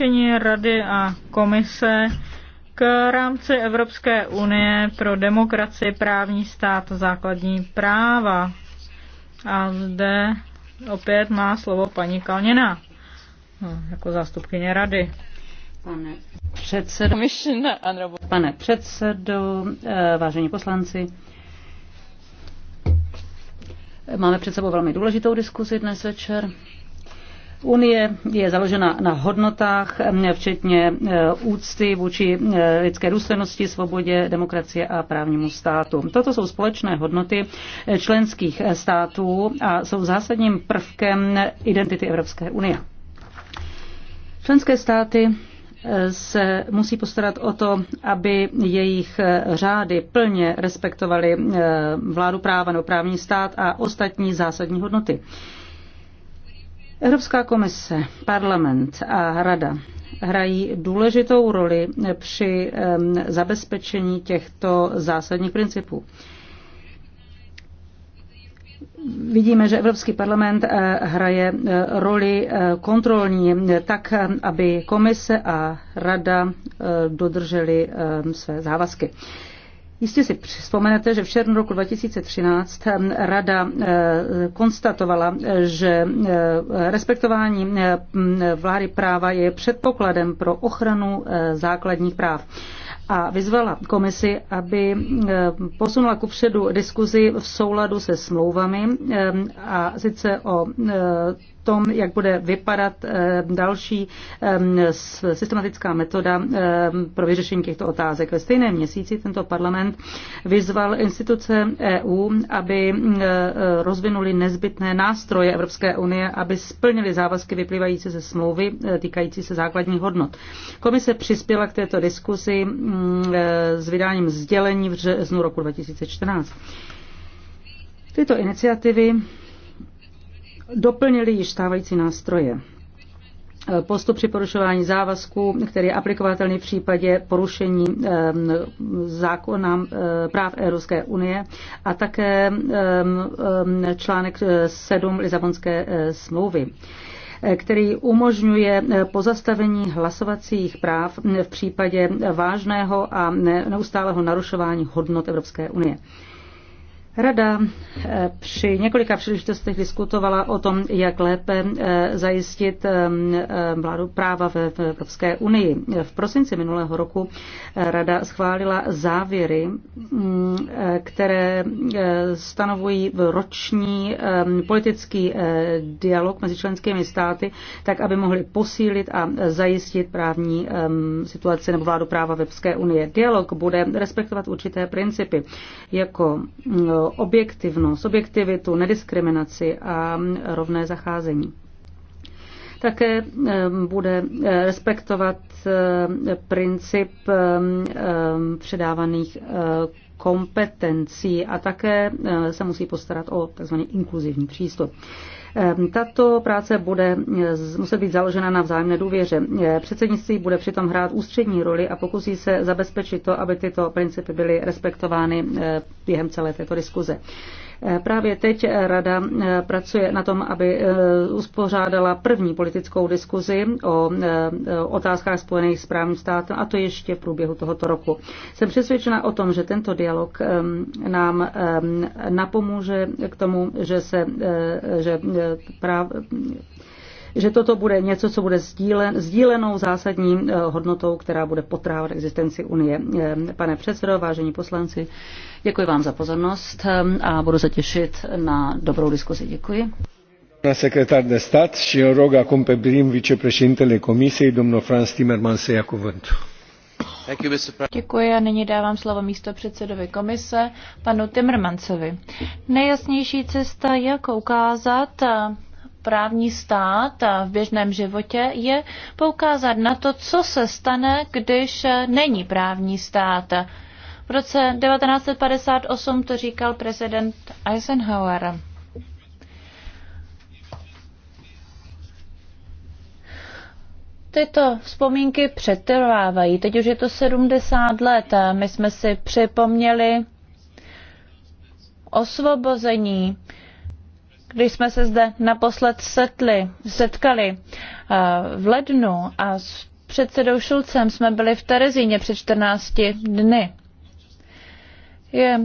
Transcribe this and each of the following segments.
doporučení Rady a Komise k rámci Evropské unie pro demokracii, právní stát a základní práva. A zde opět má slovo paní Kalněna no, jako zástupkyně Rady. Pane předsedo, pane předsedo eh, vážení poslanci, máme před sebou velmi důležitou diskuzi dnes večer. Unie je založena na hodnotách, včetně e, úcty vůči e, lidské důstojnosti, svobodě, demokracie a právnímu státu. Toto jsou společné hodnoty e, členských států a jsou zásadním prvkem identity Evropské unie. Členské státy se musí postarat o to, aby jejich řády plně respektovaly vládu práva nebo právní stát a ostatní zásadní hodnoty. Evropská komise, parlament a rada hrají důležitou roli při zabezpečení těchto zásadních principů. Vidíme, že Evropský parlament eh, hraje eh, roli eh, kontrolní tak, aby komise a rada dodržely své závazky. Jistě si vzpomenete, že v červnu roku 2013 ehm, Rada eh, konstatovala, že eh, respektování eh, vlády práva je předpokladem pro ochranu základních práv a vyzvala komisi, aby posunula kupředu diskuzi v souladu se smlouvami ehm, a sice o tom, jak bude vypadat eh, další eh, systematická metoda eh, pro vyřešení těchto otázek. Ve stejném měsíci tento parlament vyzval instituce EU, aby rozvinuli nezbytné nástroje Evropské unie, aby splnili závazky vyplývající ze smlouvy týkající se základních hodnot. Komise přispěla k této diskusi mm, s vydáním sdělení v březnu roku 2014. Tyto iniciativy doplnili již stávající nástroje. Postup při porušování závazků, který je aplikovatelný v případě porušení ehm, zákona ehm, práv Evropské unie a také ehm, článek 7 eh, Lisabonské eh, smlouvy eh, který umožňuje pozastavení hlasovacích práv v případě vážného a neustálého narušování hodnot Evropské unie. Rada eh, při několika příležitostech diskutovala o tom, jak lépe eh, zajistit eh, vládu práva ve Evropské unii. V prosinci minulého roku Rada schválila závěry, mm, které stanovují roční politický dialog mezi členskými státy, tak aby mohli posílit a zajistit právní situaci nebo vládu práva ve Evropské unie. Dialog bude respektovat určité principy, jako mm, objektivnost, objektivitu, nediskriminaci a rovné zacházení. Také eh, bude eh, respektovat eh, princip předávaných kompetencí a také se musí postarat o tzv. inkluzivní přístup. Ehm, tato práce bude eh, muset být založena na vzájemné důvěře. Eh, předsednictví bude přitom hrát ústřední roli a pokusí se zabezpečit to, aby tyto principy byly respektovány eh, během celé této diskuze. Eh, právě teď eh, Rada eh, pracuje na tom, aby uspořádala první politickou diskuzi o otázkách spojených s právním státem, a to ještě v průběhu tohoto roku. Jsem přesvědčena o tom, že tento dialog nám napomůže k tomu, že se že práv, že toto bude něco, co bude sdílen, sdílenou zásadní eh, hodnotou, která bude potrávat existenci Unie. Eh, pane předsedo, vážení poslanci, děkuji vám za pozornost eh, a budu se těšit na dobrou diskuzi. Děkuji. Doamna secretar de stat și îl rog acum pe prim vicepreședintele Comisiei, domnul Franz Timmerman, să ia cuvântul. Děkuji a nyní dávám slovo místo předsedovi komise, panu Timmermansovi. Nejjasnější cesta, jak ukázat právní stát v běžném životě je poukázat na to, co se stane, když není právní stát. V roce 1958 to říkal prezident Eisenhower. Tyto vzpomínky přetrvávají. Teď už je to 70 let a my jsme si připomněli osvobození když jsme se zde naposled setli, setkali eh, v lednu a s předsedou Šulcem jsme byli v Terezíně před 14 dny. Je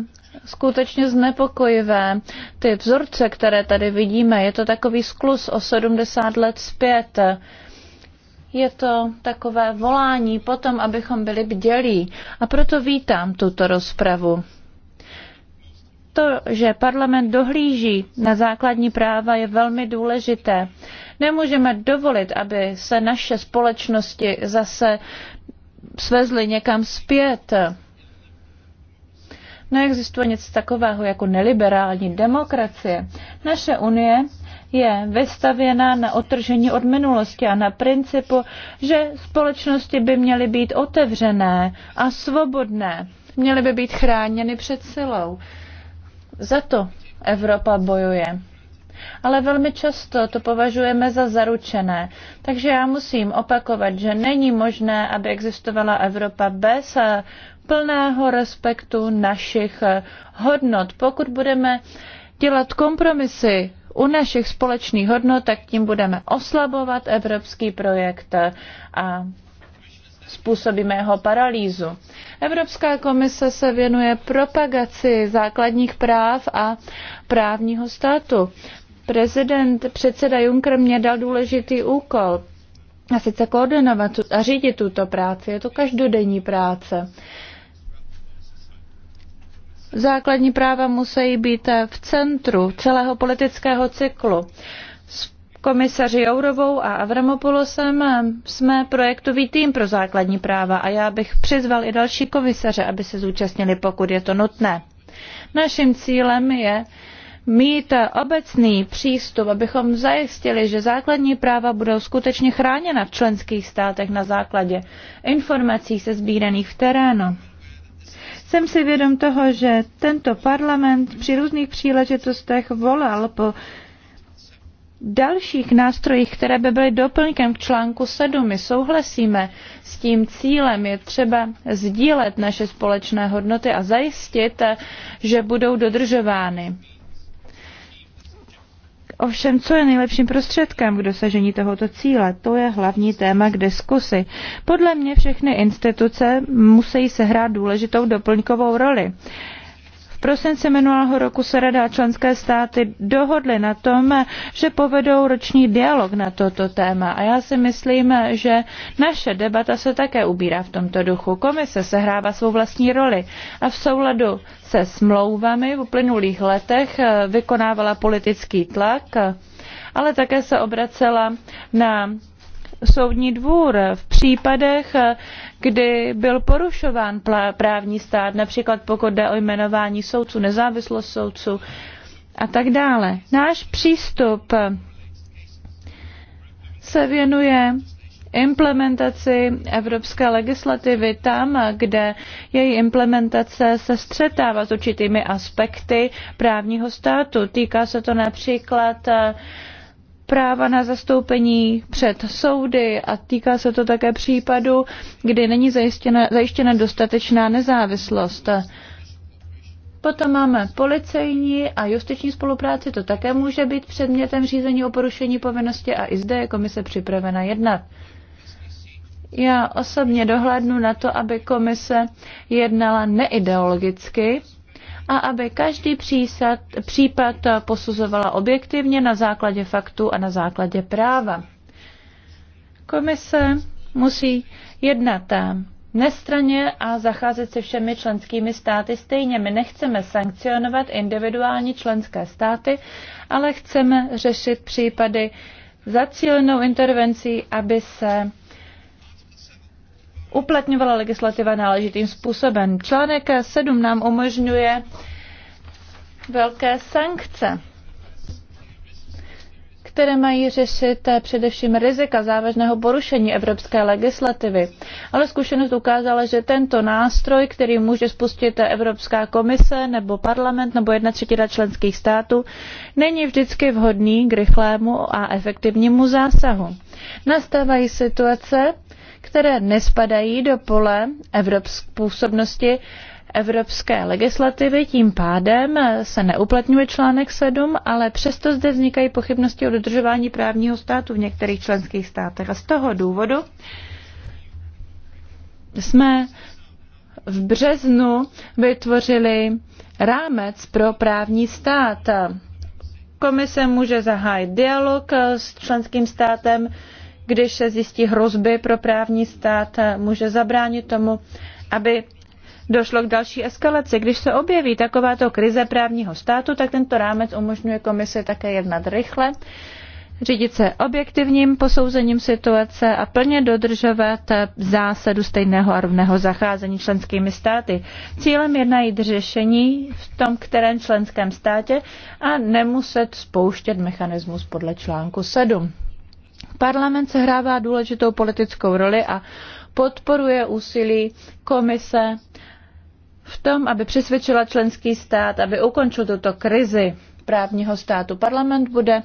skutečně znepokojivé. Ty vzorce, které tady vidíme, je to takový sklus o 70 let zpět. Je to takové volání potom, abychom byli bdělí. A proto vítám tuto rozpravu to, že parlament dohlíží na základní práva, je velmi důležité. Nemůžeme dovolit, aby se naše společnosti zase svezly někam zpět. Neexistuje nic takového jako neliberální demokracie. Naše unie je vystavěna na otržení od minulosti a na principu, že společnosti by měly být otevřené a svobodné. Měly by být chráněny před silou. Za to Evropa bojuje. Ale velmi často to považujeme za zaručené. Takže já musím opakovat, že není možné, aby existovala Evropa bez eh, plného respektu našich eh, hodnot. Pokud budeme dělat kompromisy u našich společných hodnot, tak tím budeme oslabovat evropský projekt eh, a způsobí mého paralýzu. Evropská komise se věnuje propagaci základních práv a právního státu. Prezident, předseda Juncker mě dal důležitý úkol, a sice koordinovat a řídit tuto práci. Je to každodenní práce. Základní práva musí být v centru celého politického cyklu komisaři Jourovou a Avramopoulosem eh, jsme projektový tým pro základní práva a já bych přizval i další komisaře, aby se zúčastnili, pokud je to nutné. Naším cílem je mít obecný přístup, abychom zajistili, že základní práva budou skutečně chráněna v členských státech na základě informací se sbíraných v terénu. Jsem si vědom toho, že tento parlament při různých příležitostech volal po dalších nástrojích, které by byly doplňkem k článku 7. My souhlasíme s tím cílem, je třeba sdílet naše společné hodnoty a zajistit, že budou dodržovány. Ovšem, co je nejlepším prostředkem k dosažení tohoto cíle, to je hlavní téma k diskusi. Podle mě všechny instituce musí sehrát důležitou doplňkovou roli prosinci minulého roku se Rada a členské státy dohodly na tom, že povedou roční dialog na toto téma. A já si myslím, že naše debata se také ubírá v tomto duchu. Komise sehrává svou vlastní roli a v souladu se smlouvami v uplynulých letech eh, vykonávala politický tlak, eh, ale také se obracela na soudní dvůr v případech, kdy byl porušován právní stát, například pokud jde o jmenování soudců, nezávislost soudců a tak dále. Náš přístup se věnuje implementaci evropské legislativy tam, kde její implementace se střetává s určitými aspekty právního státu. Týká se to například práva na zastoupení před soudy a týká se to také případu, kdy není zajištěna, zajištěna dostatečná nezávislost. Potom máme policejní a justiční spolupráci, to také může být předmětem řízení o porušení povinnosti a i zde je komise připravena jednat. Já osobně dohlédnu na to, aby komise jednala neideologicky, a aby každý přísad, případ posuzovala objektivně na základě faktů a na základě práva. Komise musí jednat nestraně a zacházet se všemi členskými státy stejně. My nechceme sankcionovat individuální členské státy, ale chceme řešit případy zacílenou intervencí, aby se uplatňovala legislativa náležitým způsobem. Článek 7 nám umožňuje velké sankce, které mají řešit eh, především rizika závažného porušení evropské legislativy. Ale zkušenost ukázala, že tento nástroj, který může spustit eh, Evropská komise nebo parlament nebo jedna třetina členských států, není vždycky vhodný k rychlému a efektivnímu zásahu. Nastávají situace, které nespadají do pole evropské působnosti evropské legislativy, tím pádem se neuplatňuje článek 7, ale přesto zde vznikají pochybnosti o dodržování právního státu v některých členských státech. A z toho důvodu jsme v březnu vytvořili rámec pro právní stát. Komise může zahájit dialog s členským státem, když se zjistí hrozby pro právní stát, může zabránit tomu, aby došlo k další eskalaci. Když se objeví takováto krize právního státu, tak tento rámec umožňuje komisi také jednat rychle, řídit se objektivním posouzením situace a plně dodržovat zásadu stejného a rovného zacházení členskými státy. Cílem je najít řešení v tom kterém členském státě a nemuset spouštět mechanismus podle článku 7. Parlament sehrává důležitou politickou roli a podporuje úsilí komise v tom, aby přesvědčila členský stát, aby ukončil tuto krizi právního státu. Parlament bude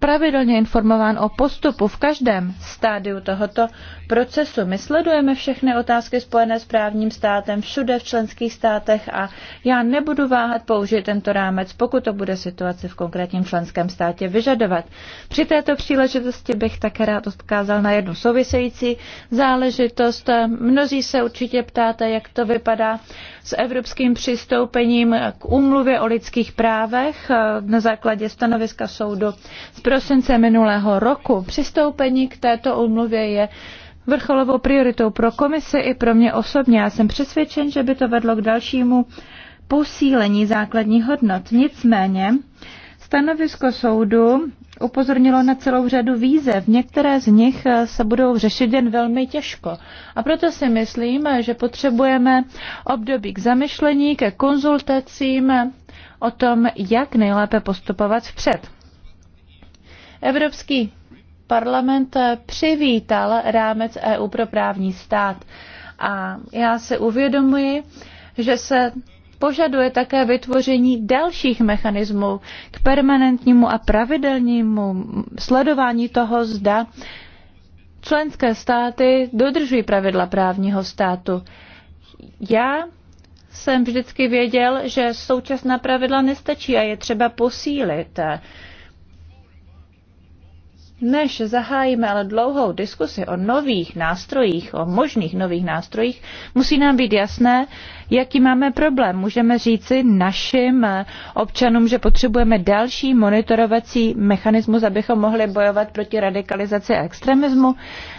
pravidelně informován o postupu v každém stádiu tohoto procesu. My sledujeme všechny otázky spojené s právním státem všude v členských státech a já nebudu váhat použít tento rámec, pokud to bude situace v konkrétním členském státě vyžadovat. Při této příležitosti bych také rád odkázal na jednu související záležitost. Mnozí se určitě ptáte, jak to vypadá s evropským přistoupením k úmluvě o lidských právech na základě stanoviska soudu z prosince minulého roku. Přistoupení k této úmluvě je vrcholovou prioritou pro komisi i pro mě osobně. Já jsem přesvědčen, že by to vedlo k dalšímu posílení základních hodnot. Nicméně stanovisko soudu upozornilo na celou řadu výzev. Některé z nich se budou řešit jen velmi těžko. A proto si myslím, že potřebujeme období k zamyšlení, ke konzultacím o tom, jak nejlépe postupovat vpřed. Evropský parlament přivítal rámec EU pro právní stát a já se uvědomuji, že se požaduje také vytvoření dalších mechanismů k permanentnímu a pravidelnímu sledování toho, zda členské státy dodržují pravidla právního státu. Já jsem vždycky věděl, že současná pravidla nestačí a je třeba posílit. Než zahájíme ale dlouhou diskusi o nových nástrojích, o možných nových nástrojích, musí nám být jasné, jaký máme problém. Můžeme říci našim eh, občanům, že potřebujeme další monitorovací mechanismus, abychom mohli bojovat proti radikalizaci a extremismu,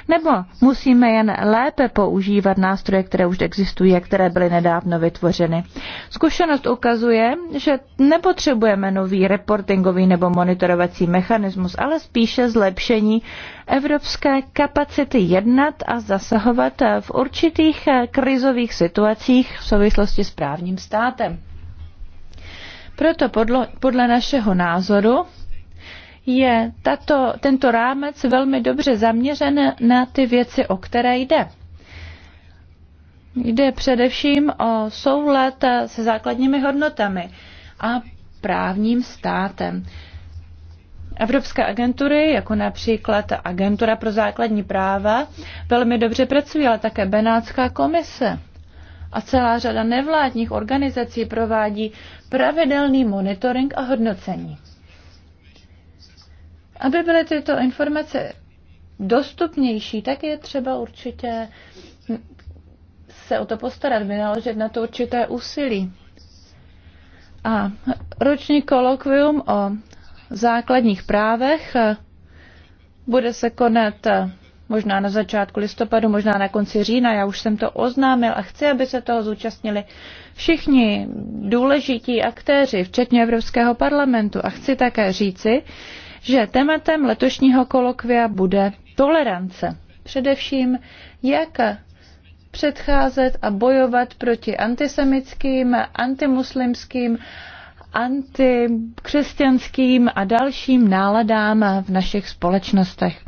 nebo musíme jen lépe používat nástroje, které už existují a které byly nedávno vytvořeny. Zkušenost ukazuje, že nepotřebujeme nový reportingový nebo monitorovací mechanismus, ale spíše zlepšení evropské kapacity jednat a zasahovat v určitých eh, krizových situacích v souvislosti s právním státem. Proto podle, podle našeho názoru je tato, tento rámec velmi dobře zaměřen na ty věci, o které jde. Jde především o soulad se základními hodnotami a právním státem. Evropské agentury, jako například Agentura pro základní práva, velmi dobře pracují, ale také Benátská komise. A celá řada nevládních organizací provádí pravidelný monitoring a hodnocení. Aby byly tyto informace dostupnější, tak je třeba určitě se o to postarat, vynaložit na to určité úsilí. A roční kolokvium o základních právech. Bude se konat eh, možná na začátku listopadu, možná na konci října. Já už jsem to oznámil a chci, aby se toho zúčastnili všichni důležití aktéři, včetně Evropského parlamentu. A chci také říci, že tématem letošního kolokvia bude tolerance. Především, jak předcházet a bojovat proti antisemickým, antimuslimským antikřesťanským a dalším náladám v našich společnostech.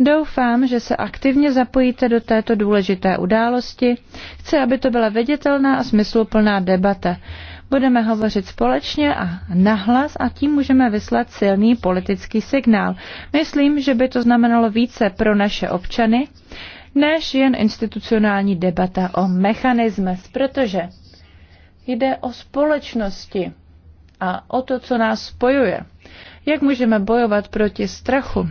Doufám, že se aktivně zapojíte do této důležité události. Chci, aby to byla viditelná a smysluplná debata. Budeme hovořit společně a nahlas a tím můžeme vyslat silný politický signál. Myslím, že by to znamenalo více pro naše občany, než jen institucionální debata o mechanismech, protože jde o společnosti, a o to, co nás spojuje. Jak můžeme bojovat proti strachu,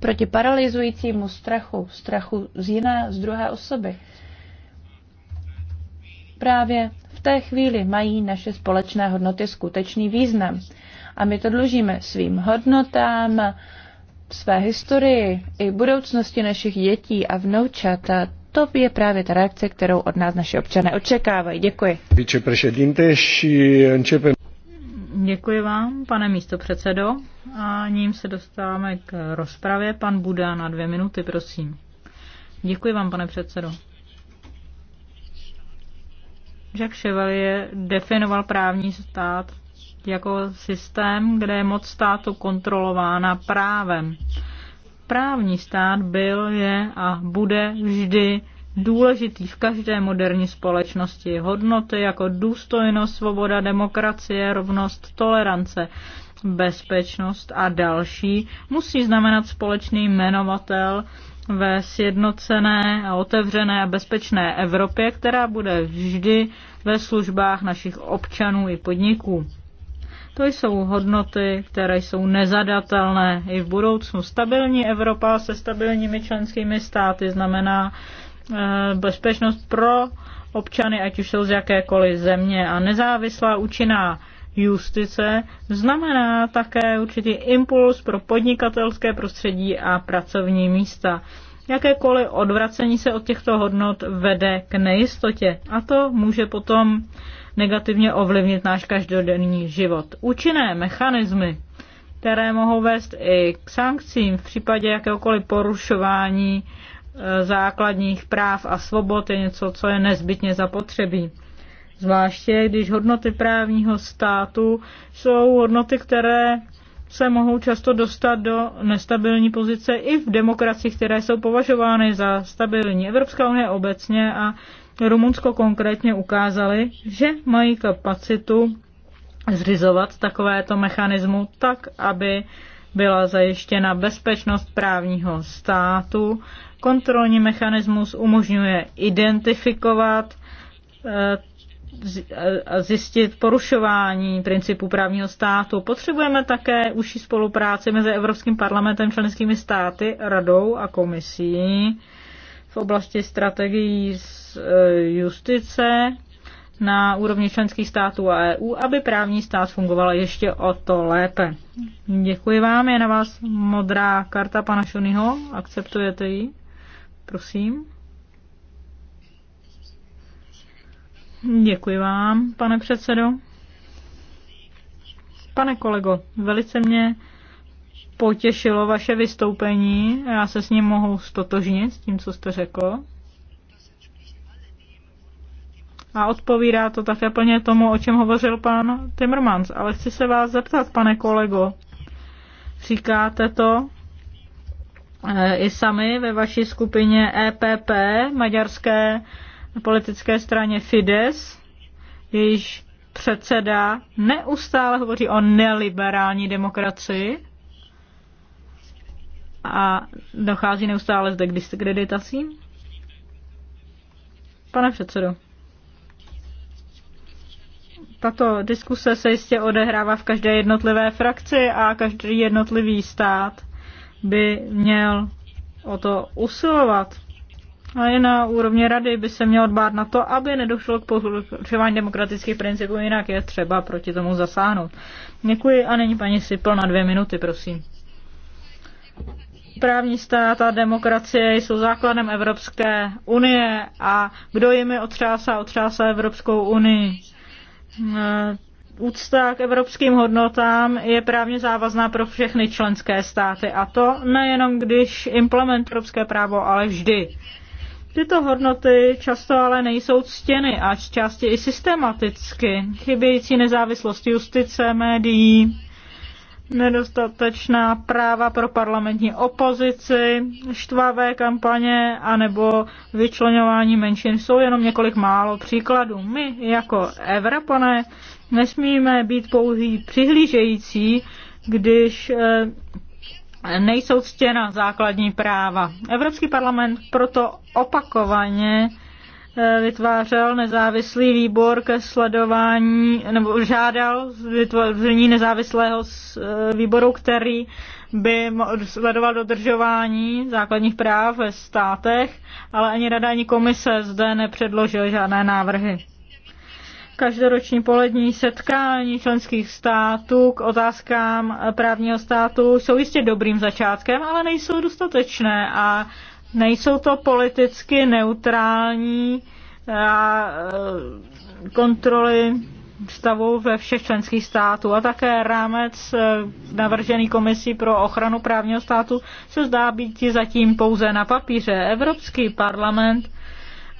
proti paralyzujícímu strachu, strachu z jiné, z druhé osoby. Právě v té chvíli mají naše společné hodnoty skutečný význam. A my to dlužíme svým hodnotám, své historii i budoucnosti našich dětí a vnoučat. A to je právě ta reakce, kterou od nás naše občané očekávají. Děkuji. Děkuji vám, pane místopředsedo. A ním se dostáváme k rozpravě. Pan Buda na dvě minuty, prosím. Děkuji vám, pane předsedo. Jacques Chevalier definoval právní stát jako systém, kde je moc státu kontrolována právem. Právní stát byl, je a bude vždy důležitý v každé moderní společnosti. Hodnoty jako důstojnost, svoboda, demokracie, rovnost, tolerance, bezpečnost a další musí znamenat společný jmenovatel ve sjednocené, otevřené a bezpečné Evropě, která bude vždy ve službách našich občanů i podniků. To jsou hodnoty, které jsou nezadatelné i v budoucnu. Stabilní Evropa se stabilními členskými státy znamená Eh, bezpečnost pro občany, ať už jsou z jakékoliv země. A nezávislá účinná justice znamená také určitý impuls pro podnikatelské prostředí a pracovní místa. Jakékoliv odvracení se od těchto hodnot vede k nejistotě a to může potom negativně ovlivnit náš každodenní život. Účinné mechanismy, které mohou vést i k sankcím v případě jakéhokoliv porušování základních práv a svobod je něco, co je nezbytně zapotřebí. Zvláště když hodnoty právního státu jsou hodnoty, které se mohou často dostat do nestabilní pozice i v demokracích, které jsou považovány za stabilní. Evropská unie obecně a Rumunsko konkrétně ukázali, že mají kapacitu zřizovat takovéto mechanismu tak, aby byla zajištěna bezpečnost právního státu Kontrolní mechanismus umožňuje identifikovat eh, eh, a zjistit porušování principů právního státu. Potřebujeme také užší spolupráci mezi Evropským parlamentem, členskými státy, radou a komisí v oblasti strategií z eh, justice na úrovni členských států a EU, aby právní stát fungoval ještě o to lépe. Děkuji vám, je na vás modrá karta pana Šunyho, akceptujete ji? Prosím. Děkuji vám, pane předsedo. Pane kolego, velice mě potěšilo vaše vystoupení. Já se s ním mohu stotožnit, s tím, co jste řekl. A odpovídá to také plně tomu, o čem hovořil pan Timmermans. Ale chci se vás zeptat, pane kolego. Říkáte to, Eh, i sami ve vaší skupině EPP, maďarské politické straně Fides, jejíž předseda neustále hovoří o neliberální demokracii a dochází neustále zde k diskreditacím. Pane předsedo, tato diskuse se jistě odehrává v každé jednotlivé frakci a každý jednotlivý stát by měl o to usilovat. A i na úrovni rady by se měl dbát na to, aby nedošlo k porušování demokratických principů, jinak je třeba proti tomu zasáhnout. Děkuji a není paní Sipl na dvě minuty, prosím. Právní stát a demokracie jsou základem Evropské unie a kdo jimi otřásá, otřásá Evropskou unii úcta k evropským hodnotám je právně závazná pro všechny členské státy a to nejenom když implement evropské právo, ale vždy. Tyto hodnoty často ale nejsou ctěny a části i systematicky. Chybějící nezávislost justice, médií, nedostatečná práva pro parlamentní opozici, štvavé kampaně a nebo vyčlenování menšin jsou jenom několik málo příkladů. My jako Evropané Nesmíme být pouhý přihlížející, když eh, nejsou ctěna základní práva. Evropský parlament proto opakovaně eh, vytvářel nezávislý výbor ke sledování, nebo žádal vytvoření nezávislého eh, výboru, který by sledoval dodržování základních práv ve státech, ale ani rada, ani komise zde nepředložil žádné návrhy každoroční polední setkání členských států k otázkám právního státu jsou jistě dobrým začátkem, ale nejsou dostatečné a nejsou to politicky neutrální a e, kontroly stavu ve všech členských států a také rámec e, navržený komisí pro ochranu právního státu se zdá být zatím pouze na papíře. Evropský parlament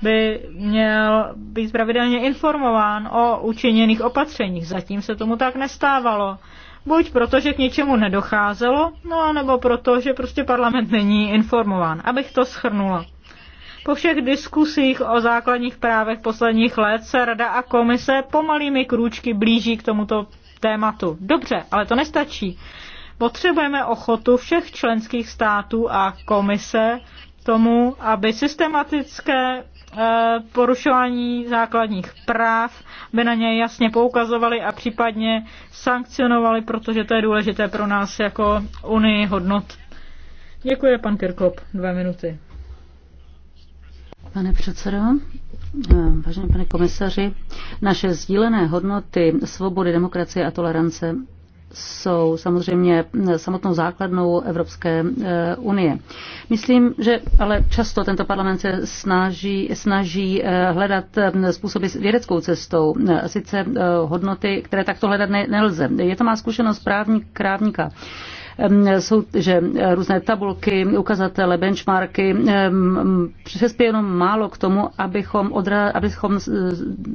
by měl být pravidelně informován o učiněných opatřeních. Zatím se tomu tak nestávalo. Buď proto, že k něčemu nedocházelo, no nebo proto, že prostě parlament není informován. Abych to schrnula. Po všech diskusích o základních právech posledních let se Rada a komise pomalými krůčky blíží k tomuto tématu. Dobře, ale to nestačí. Potřebujeme ochotu všech členských států a komise tomu, aby systematické Eh, porušování základních práv, by na ně jasně poukazovali a případně sankcionovali, protože to je důležité pro nás jako Unii hodnot. Děkuji, pan Kirkop. Dvě minuty. Pane předsedo, eh, vážený pane komisaři, naše sdílené hodnoty svobody, demokracie a tolerance jsou samozřejmě samotnou základnou Evropské eh, unie. Myslím, že ale často tento parlament se snaží, snaží eh, hledat eh, způsoby s vědeckou cestou, sice hodnoty, které takto hledat ne, nelze. Je to má zkušenost právník, krávníka jsou, že eh, různé tabulky, ukazatele, benchmarky přispějí jenom málo k tomu, abychom, odra, abychom eh,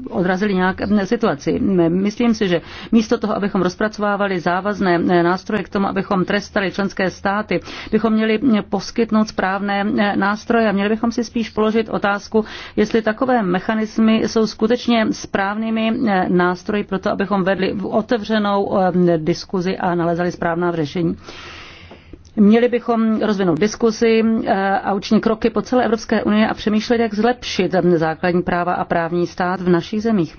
odrazili nějak situaci. Myslím si, že místo toho, abychom rozpracovávali závazné eh, nástroje k tomu, abychom trestali členské státy, bychom měli poskytnout správné nástroje a měli bychom si spíš položit otázku, jestli takové mechanismy jsou skutečně správnými nástroji pro to, abychom vedli otevřenou diskuzi a nalezali správná řešení. Měli bychom rozvinout diskuzi eh, a učinit kroky po celé Evropské unii a přemýšlet, jak zlepšit základní práva a právní stát v našich zemích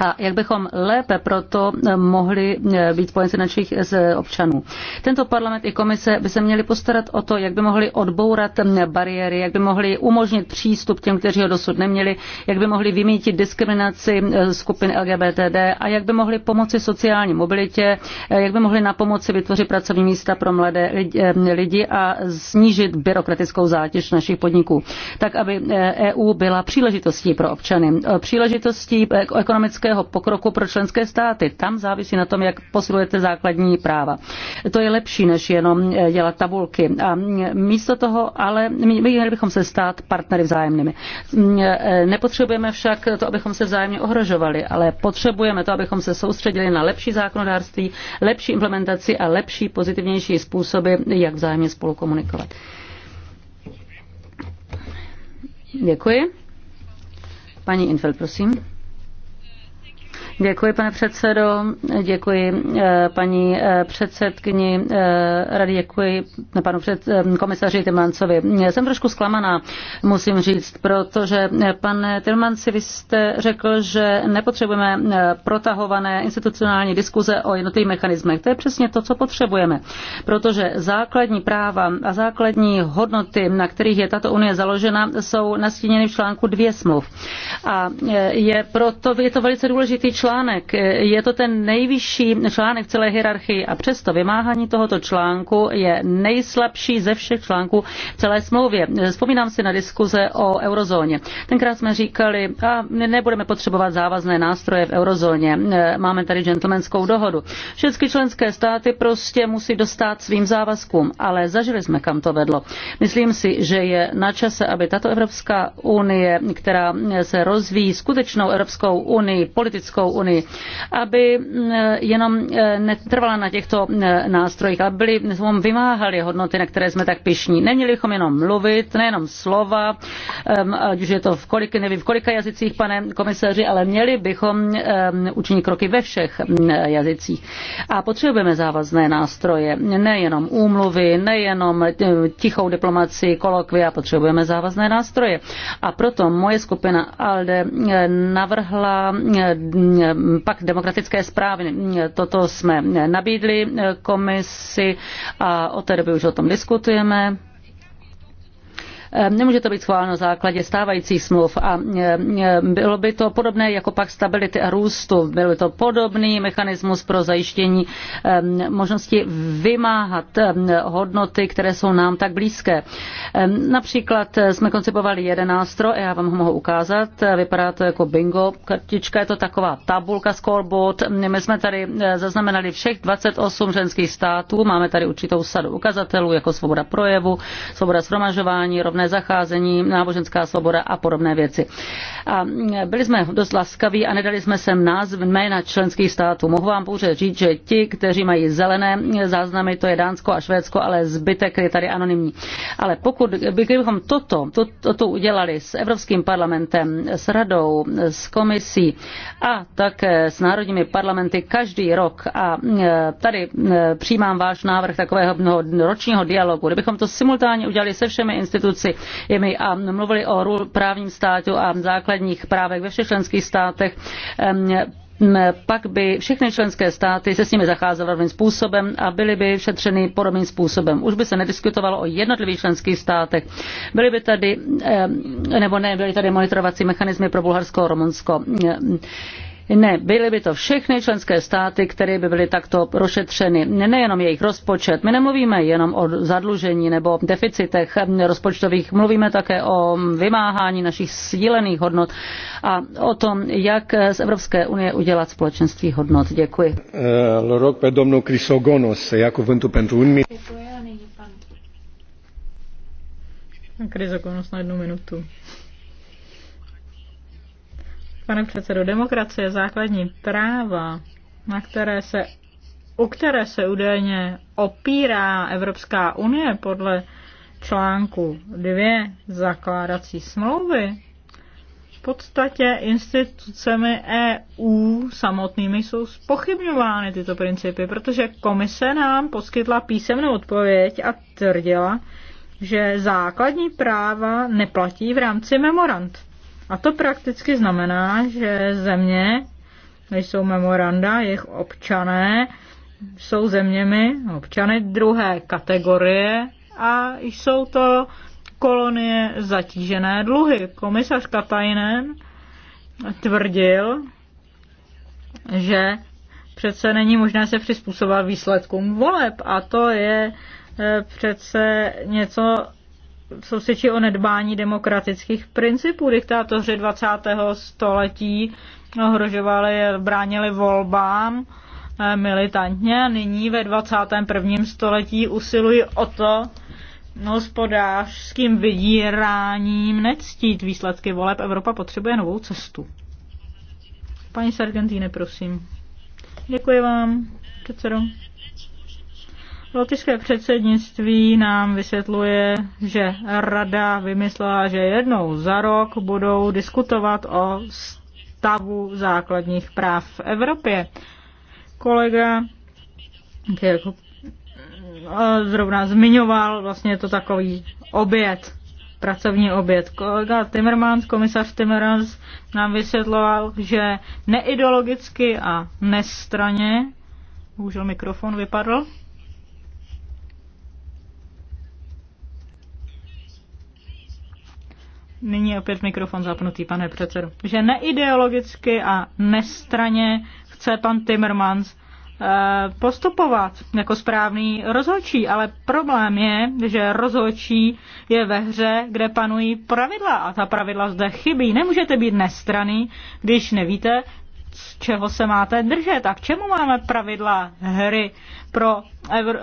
a jak bychom lépe proto eh, mohli eh, být spojenci našich eh, z občanů. Tento parlament i komise by se měli postarat o to, jak by mohli odbourat bariéry, jak by mohli umožnit přístup těm, kteří ho dosud neměli, jak by mohli vymítit diskriminaci skupin LGBTD a jak by mohli pomoci sociální mobilitě, jak by mohli na pomoci vytvořit pracovní místa pro mladé lidi a snížit byrokratickou zátěž našich podniků, tak aby EU e byla příležitostí pro občany, příležitostí k ekonomické obrovského pokroku pro členské státy. Tam závisí na tom, jak posilujete základní práva. To je lepší, než jenom eh, dělat tabulky. A mm, místo toho, ale my, měli bychom se stát partnery vzájemnými. Mm, eh, nepotřebujeme však to, abychom se vzájemně ohrožovali, ale potřebujeme to, abychom se soustředili na lepší zákonodárství, lepší implementaci a lepší, pozitivnější způsoby, jak vzájemně spolu komunikovat. Děkuji. Paní Infeld, prosím. Děkuji, pane předsedo, děkuji eh, paní eh, předsedkyni eh, rady, děkuji panu před, komisaři Timancovi. Jsem trošku zklamaná, musím říct, protože pane Timanci, vy jste řekl, že nepotřebujeme protahované institucionální diskuze o jednotlivých mechanismech. To je přesně to, co potřebujeme, protože základní práva a základní hodnoty, na kterých je tato unie založena, jsou nastíněny v článku dvě smluv. A je proto je to velice důležitý článek článek. Je to ten nejvyšší článek celé hierarchii a přesto vymáhání tohoto článku je nejslabší ze všech článků v celé smlouvě. Vzpomínám si na diskuze o eurozóně. Tenkrát jsme říkali, a nebudeme potřebovat závazné nástroje v eurozóně. Máme tady gentlemanskou dohodu. Všechny členské státy prostě musí dostat svým závazkům, ale zažili jsme, kam to vedlo. Myslím si, že je na čase, aby tato Evropská unie, která se rozvíjí skutečnou Evropskou unii, politickou unii, aby mm, jenom eh, netrvala na těchto eh, nástrojích, aby byli, vymáhali hodnoty, na které jsme tak pišní. Neměli bychom jenom mluvit, nejenom slova, ať už je to v kolik, nevím, v kolika jazycích, pane komisaři, ale měli bychom učinit kroky ve všech mm, jazycích. A potřebujeme závazné nástroje, nejenom úmluvy, nejenom eh, tichou diplomaci, a potřebujeme závazné nástroje. A proto moje skupina ALDE navrhla pak demokratické zprávy. Toto jsme nabídli komisi a od té doby už o tom diskutujeme Ehm, nemůže to být schváleno na základě stávajících smluv a ehm, ehm, bylo by to podobné jako pak stability a růstu. Byl by to podobný mechanismus pro zajištění možnosti vymáhat hodnoty, které jsou nám tak blízké. Například eh, jsme koncipovali jeden nástroj, já vám ho mohu ukázat, eh, vypadá to jako bingo kartička, je to taková tabulka scoreboard. My jsme tady eh, zaznamenali všech 28 ženských států, máme tady určitou sadu ukazatelů, jako svoboda projevu, svoboda shromažování, rovnost svobodné zacházení, náboženská svoboda a podobné věci. A byli jsme dost laskaví a nedali jsme sem názv jména členských států. Mohu vám pouze říct, že ti, kteří mají zelené záznamy, to je Dánsko a Švédsko, ale zbytek je tady anonymní. Ale pokud kdybychom toto, to, toto udělali s Evropským parlamentem, s radou, s komisí a také s národními parlamenty každý rok a e, tady e, přijímám váš návrh takového ročního dialogu, kdybychom to simultánně udělali se všemi institucemi, poslanci a mluvili o právním státu a základních právech ve všech členských státech pak by všechny členské státy se s nimi zacházely rovným způsobem a byly by šetřeny podobným způsobem. Už by se nediskutovalo o jednotlivých členských státech. Byly by tady, nebo ne, byly tady monitorovací mechanismy pro Bulharsko a Rumunsko ne, byly by to všechny členské státy, které by byly takto prošetřeny. Nejenom jejich rozpočet. My nemluvíme jenom o zadlužení nebo deficitech rozpočtových, mluvíme také o vymáhání našich sdílených hodnot a o tom, jak z Evropské unie udělat společenství hodnot. Děkuji. Uh, eh, rog pe domnul Crisogonos, ia jako cuvântul pentru Děkuji, a na jednu minutu. Pane předsedo, demokracie, základní práva, na které se, u které se údajně opírá Evropská unie podle článku 2 zakládací smlouvy, v podstatě institucemi EU samotnými jsou spochybňovány tyto principy, protože komise nám poskytla písemnou odpověď a tvrdila, že základní práva neplatí v rámci memorand. A to prakticky znamená, že země, než jsou memoranda, jejich občané jsou zeměmi, občany druhé kategorie a jsou to kolonie zatížené dluhy. Komisař Katajnen tvrdil, že přece není možné se přizpůsobovat výsledkům voleb a to je eh, přece něco, svědčí o nedbání demokratických principů. Diktátoři 20. století ohrožovali, bránili volbám eh, militantně a nyní ve 21. století usilují o to, hospodářským no, vydíráním nectít výsledky voleb. Evropa potřebuje novou cestu. Paní Sargentine, prosím. Děkuji vám, předsedo. Lotyšské předsednictví nám vysvětluje, že rada vymyslela, že jednou za rok budou diskutovat o stavu základních práv v Evropě. Kolega eh, zrovna zmiňoval, vlastně je to takový oběd, pracovní oběd. Kolega Timmermans, komisař Timmermans nám vysvětloval, že neideologicky a nestraně, bohužel mikrofon vypadl, Nyní opět mikrofon zapnutý, pane předsedo. Že neideologicky a nestraně chce pan Timmermans eh, postupovat jako správný rozhodčí, ale problém je, že rozhodčí je ve hře, kde panují pravidla a ta pravidla zde chybí. Nemůžete být nestraný, když nevíte, z čeho se máte držet a k čemu máme pravidla hry pro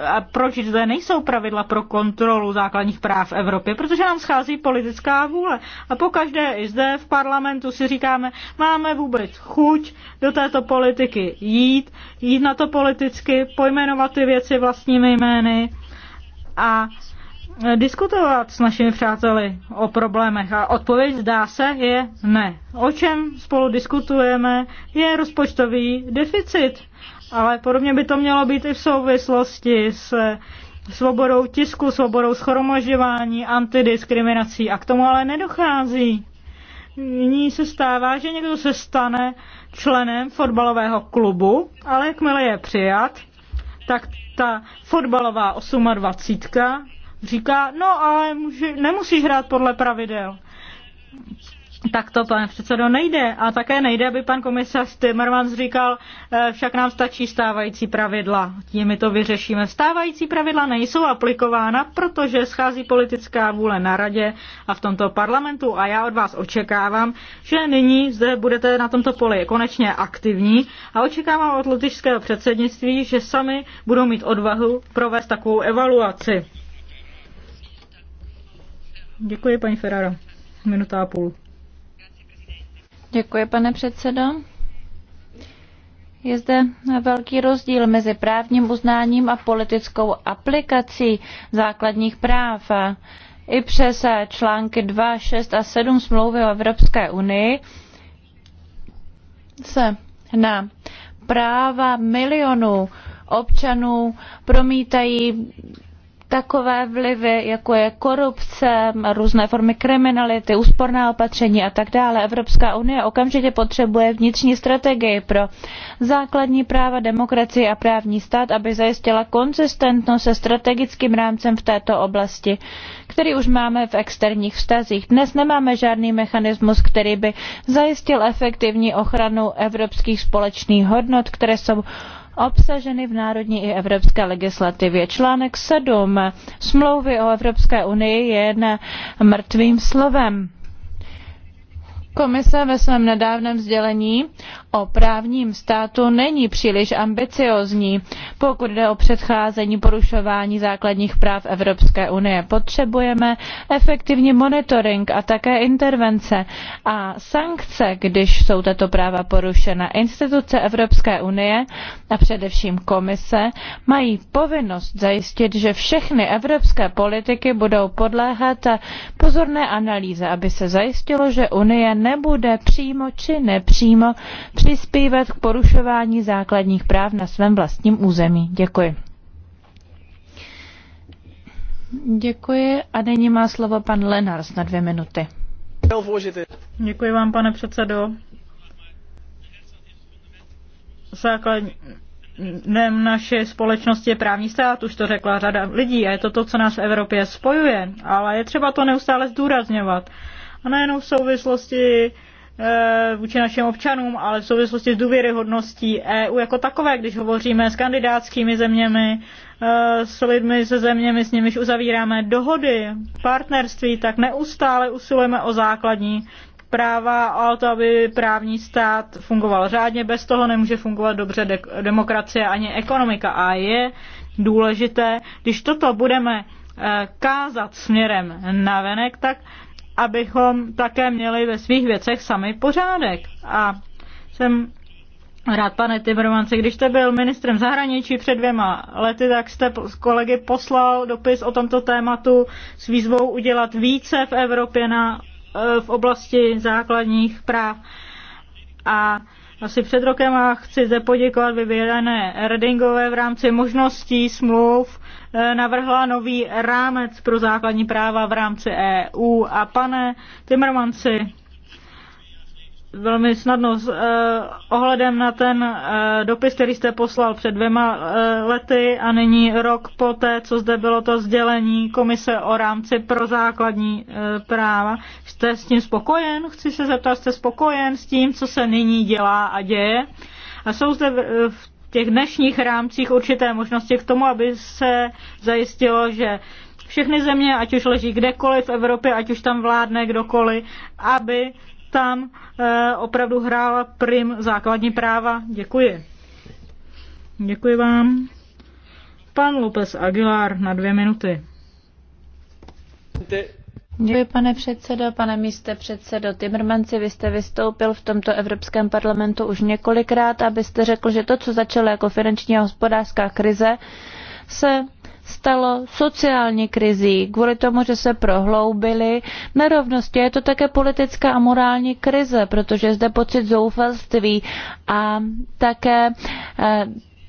a proč zde nejsou pravidla pro kontrolu základních práv v Evropě, protože nám schází politická vůle. A pokaždé i zde v parlamentu si říkáme, máme vůbec chuť do této politiky jít, jít na to politicky, pojmenovat ty věci vlastními jmény a diskutovat s našimi přáteli o problémech a odpověď zdá se je ne. O čem spolu diskutujeme je rozpočtový deficit, ale podobně by to mělo být i v souvislosti s svobodou tisku, svobodou schromažďování, antidiskriminací a k tomu ale nedochází. Nyní se stává, že někdo se stane členem fotbalového klubu, ale jakmile je přijat, tak ta fotbalová 28 říká, no ale může, nemusíš hrát podle pravidel. Tak to, pane předsedo, nejde. A také nejde, aby pan komisař Timmermans říkal, eh, však nám stačí stávající pravidla. Tím my to vyřešíme. Stávající pravidla nejsou aplikována, protože schází politická vůle na radě a v tomto parlamentu. A já od vás očekávám, že nyní zde budete na tomto poli konečně aktivní a očekávám od lotyšského předsednictví, že sami budou mít odvahu provést takovou evaluaci. Děkuji, paní Ferrara. Minuta a půl. Děkuji, pane předsedo. Je zde velký rozdíl mezi právním uznáním a politickou aplikací základních práv. I přes články 2, 6 a 7 smlouvy o Evropské unii se na práva milionů občanů promítají takové vlivy, jako je korupce, různé formy kriminality, úsporná opatření a tak dále. Evropská unie okamžitě potřebuje vnitřní strategii pro základní práva, demokracii a právní stát, aby zajistila konzistentnost se strategickým rámcem v této oblasti, který už máme v externích vztazích. Dnes nemáme žádný mechanismus, který by zajistil efektivní ochranu evropských společných hodnot, které jsou obsaženy v národní i evropské legislativě. Článek 7 smlouvy o Evropské unii je jen mrtvým slovem. Komise ve svém nedávném sdělení o právním státu není příliš ambiciozní, pokud jde o předcházení porušování základních práv Evropské unie. Potřebujeme efektivní monitoring a také intervence a sankce, když jsou tato práva porušena. Instituce Evropské unie a především komise mají povinnost zajistit, že všechny evropské politiky budou podléhat pozorné analýze, aby se zajistilo, že Unie nebude přímo či nepřímo přispívat k porušování základních práv na svém vlastním území. Děkuji. Děkuji a nyní má slovo pan Lenars na dvě minuty. Děkuji vám, pane předsedo. Základem naší společnosti je právní stát, už to řekla řada lidí a je to to, co nás v Evropě spojuje, ale je třeba to neustále zdůrazňovat. A nejenom v souvislosti Eh, vůči našim občanům, ale v souvislosti s důvěryhodností EU jako takové, když hovoříme s kandidátskými zeměmi, eh, s lidmi se zeměmi, s nimiž uzavíráme dohody, partnerství, tak neustále usilujeme o základní práva a o to, aby právní stát fungoval řádně. Bez toho nemůže fungovat dobře de- demokracie ani ekonomika. A je důležité, když toto budeme eh, kázat směrem navenek, tak abychom také měli ve svých věcech sami pořádek. A jsem rád, pane Timmermanci, když jste byl ministrem zahraničí před dvěma lety, tak jste s kolegy poslal dopis o tomto tématu s výzvou udělat více v Evropě na, e, v oblasti základních práv. A asi před rokem a chci zde poděkovat Viviane Redingové v rámci možností smluv Eh, navrhla nový rámec pro základní práva v rámci EU. A pane Timmermansi, velmi snadno s eh, ohledem na ten eh, dopis, který jste poslal před dvěma eh, lety a nyní rok poté, co zde bylo to sdělení Komise o rámci pro základní eh, práva. Jste s tím spokojen? Chci se zeptat, jste spokojen s tím, co se nyní dělá a děje? A jsou zde v těch dnešních rámcích určité možnosti k tomu, aby se zajistilo, že všechny země, ať už leží kdekoliv v Evropě, ať už tam vládne kdokoliv, aby tam e, opravdu hrála prim základní práva. Děkuji. Děkuji vám. Pan López Aguilar na dvě minuty. Děkuji, pane předsedo, pane míste předsedo Timmermansi. Vy jste vystoupil v tomto Evropském parlamentu už několikrát, abyste řekl, že to, co začalo jako finanční a hospodářská krize, se stalo sociální krizí, kvůli tomu, že se prohloubily nerovnosti. Je to také politická a morální krize, protože je zde pocit zoufalství a také eh,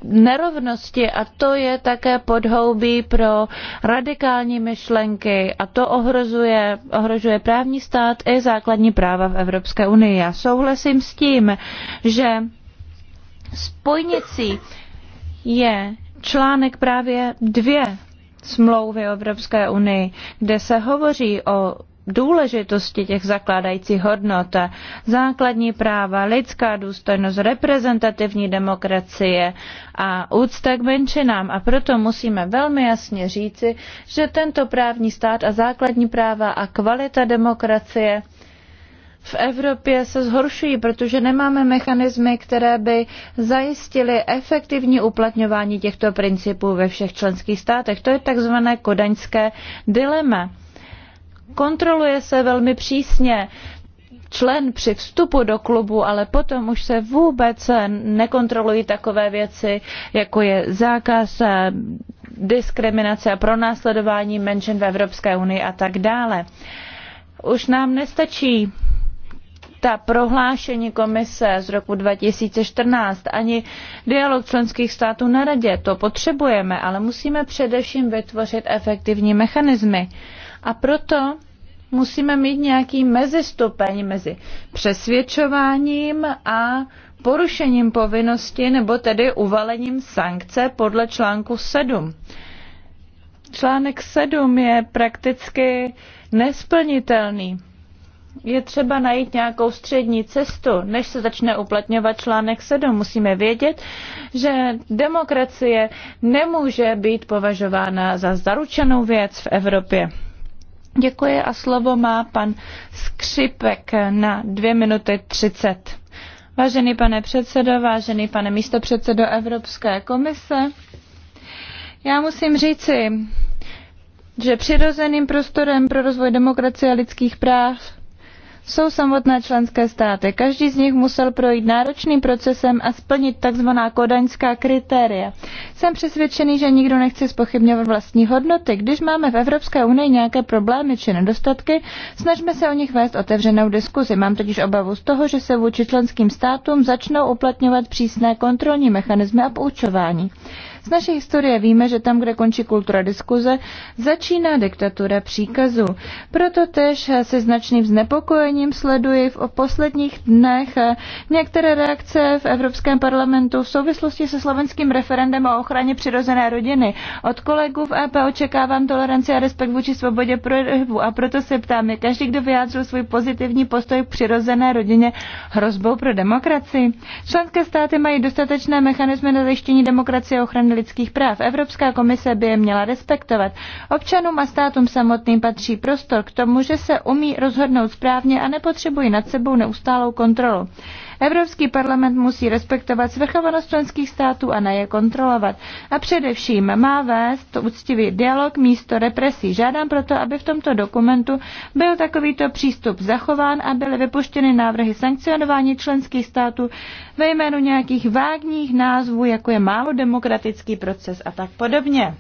nerovnosti a to je také podhoubí pro radikální myšlenky a to ohrozuje, ohrožuje právní stát i základní práva v Evropské unii. Já souhlasím s tím, že spojnicí je článek právě dvě smlouvy o Evropské unii, kde se hovoří o důležitosti těch zakládajících hodnot. Základní práva, lidská důstojnost, reprezentativní demokracie a úcta k menšinám. A proto musíme velmi jasně říci, že tento právní stát a základní práva a kvalita demokracie v Evropě se zhoršují, protože nemáme mechanismy, které by zajistily efektivní uplatňování těchto principů ve všech členských státech. To je takzvané kodaňské dilema kontroluje se velmi přísně člen při vstupu do klubu, ale potom už se vůbec nekontrolují takové věci, jako je zákaz eh, diskriminace a pronásledování menšin v Evropské unii a tak dále. Už nám nestačí ta prohlášení komise z roku 2014 ani dialog členských států na radě. To potřebujeme, ale musíme především vytvořit efektivní mechanismy. A proto musíme mít nějaký mezistupeň mezi přesvědčováním a porušením povinnosti nebo tedy uvalením sankce podle článku 7. Článek 7 je prakticky nesplnitelný. Je třeba najít nějakou střední cestu, než se začne uplatňovat článek 7. Musíme vědět, že demokracie nemůže být považována za zaručenou věc v Evropě. Děkuji a slovo má pan Skřipek na 2 minuty 30. Vážený pane předsedo, vážený pane místopředsedo Evropské komise, já musím říci, že přirozeným prostorem pro rozvoj demokracie a lidských práv jsou samotné členské státy. Každý z nich musel projít náročným procesem a splnit tzv. kodaňská kritéria. Jsem přesvědčený, že nikdo nechce spochybňovat vlastní hodnoty. Když máme v Evropské unii nějaké problémy či nedostatky, snažme se o nich vést otevřenou diskuzi. Mám totiž obavu z toho, že se vůči členským státům začnou uplatňovat přísné kontrolní mechanismy a poučování. Z naší historie víme, že tam, kde končí kultura diskuze, začíná diktatura příkazu. Proto tež se značným znepokojením sleduji v posledních dnech některé reakce v Evropském parlamentu v souvislosti se slovenským referendem o ochraně přirozené rodiny. Od kolegů v EP očekávám toleranci a respekt vůči svobodě projevu a proto se ptám, je každý, kdo vyjádřil svůj pozitivní postoj k přirozené rodině hrozbou pro demokracii? Členské státy mají dostatečné mechanizmy na zajištění demokracie a ochrany lidských práv. Evropská komise by je měla respektovat. Občanům a státům samotným patří prostor k tomu, že se umí rozhodnout správně a nepotřebují nad sebou neustálou kontrolu. Evropský parlament musí respektovat svrchovanost členských států a ne je kontrolovat. A především má vést úctivý dialog místo represí. Žádám proto, aby v tomto dokumentu byl takovýto přístup zachován a byly vypuštěny návrhy sankcionování členských států ve jménu nějakých vágních názvů, jako je málo demokratický proces a tak podobně.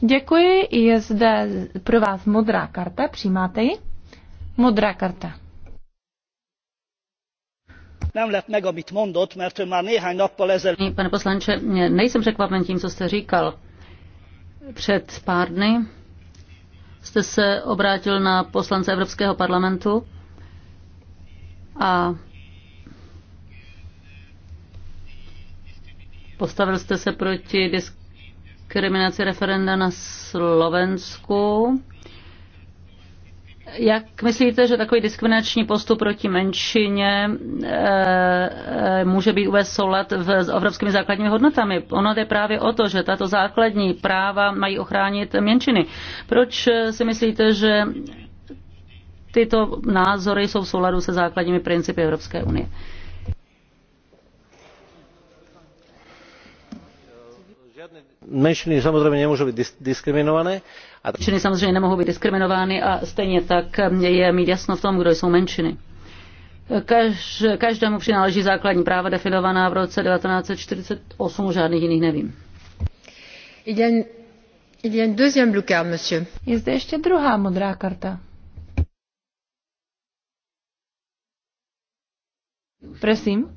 Děkuji, je zde pro vás modrá karta, přijímáte ji? Modrá karta nem lett meg, amit mondott, mert ő már néhány nappal ezelőtt... Pane poslanče, nejsem překvapen tím, co jste říkal. Před pár dny jste se obrátil na poslance Evropského parlamentu a postavil jste se proti diskriminaci referenda na Slovensku jak myslíte, že takový diskriminační postup proti menšině eh, eh, může být uvést soulad s evropskými základními hodnotami? Ono je právě o to, že tato základní práva mají ochránit menšiny. Proč si myslíte, že tyto názory jsou v souladu se základními principy Evropské unie? Menšiny samozřejmě nemůžou být diskriminované a samozřejmě nemohou být diskriminovány a stejně tak je mít jasno v tom, kdo jsou menšiny. Kaž, každému přináleží základní práva definovaná v roce 1948, žádných jiných nevím. Je zde ještě druhá modrá karta. Prosím.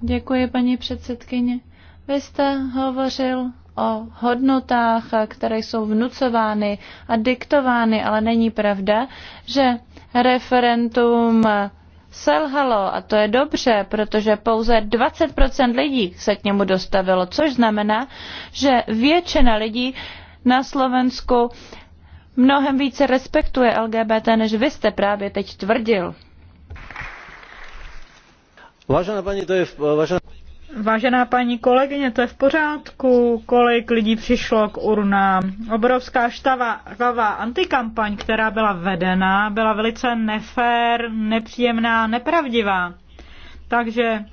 Děkuji, paní předsedkyně. Vy jste hovořil o hodnotách, které jsou vnucovány a diktovány, ale není pravda, že referentum selhalo a to je dobře, protože pouze 20% lidí se k němu dostavilo, což znamená, že většina lidí na Slovensku mnohem více respektuje LGBT, než vy jste právě teď tvrdil. Vážená paní, to je, vážená... Vážená paní kolegyně, to je v pořádku, kolik lidí přišlo k urnám. Obrovská štavá antikampaň, která byla vedena, byla velice nefér, nepříjemná, nepravdivá. Takže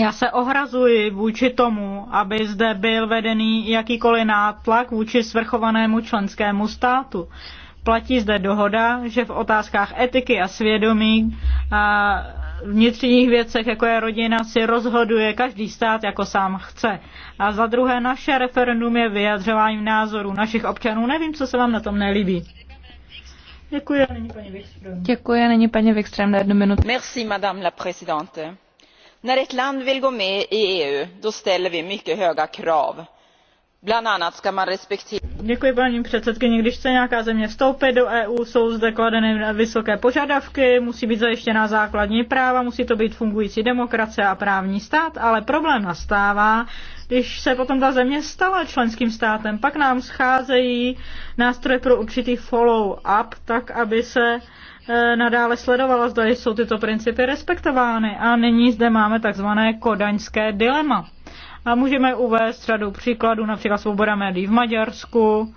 já se ohrazuji vůči tomu, aby zde byl vedený jakýkoliv nátlak vůči svrchovanému členskému státu. Platí zde dohoda, že v otázkách etiky a svědomí a vnitřních věcech, jako je rodina, si rozhoduje každý stát, jako sám chce. A za druhé, naše referendum je vyjadřováním názorů našich občanů. Nevím, co se vám na tom nelíbí. Děkuji, není paní Wikström. Děkuji, není paní Wikström na jednu minutu. Merci, madame la présidente. När ett land vill gå med i EU, då ställer vi mycket höga krav Děkuji paní předsedkyně. Když chce nějaká země vstoupit do EU, jsou zde kladeny vysoké požadavky, musí být zajištěna základní práva, musí to být fungující demokracie a právní stát, ale problém nastává, když se potom ta země stala členským státem, pak nám scházejí nástroje pro určitý follow-up, tak aby se e, nadále sledovala, zda jsou tyto principy respektovány. A nyní zde máme takzvané kodaňské dilema a můžeme uvést řadu příkladů, například svoboda médií v Maďarsku,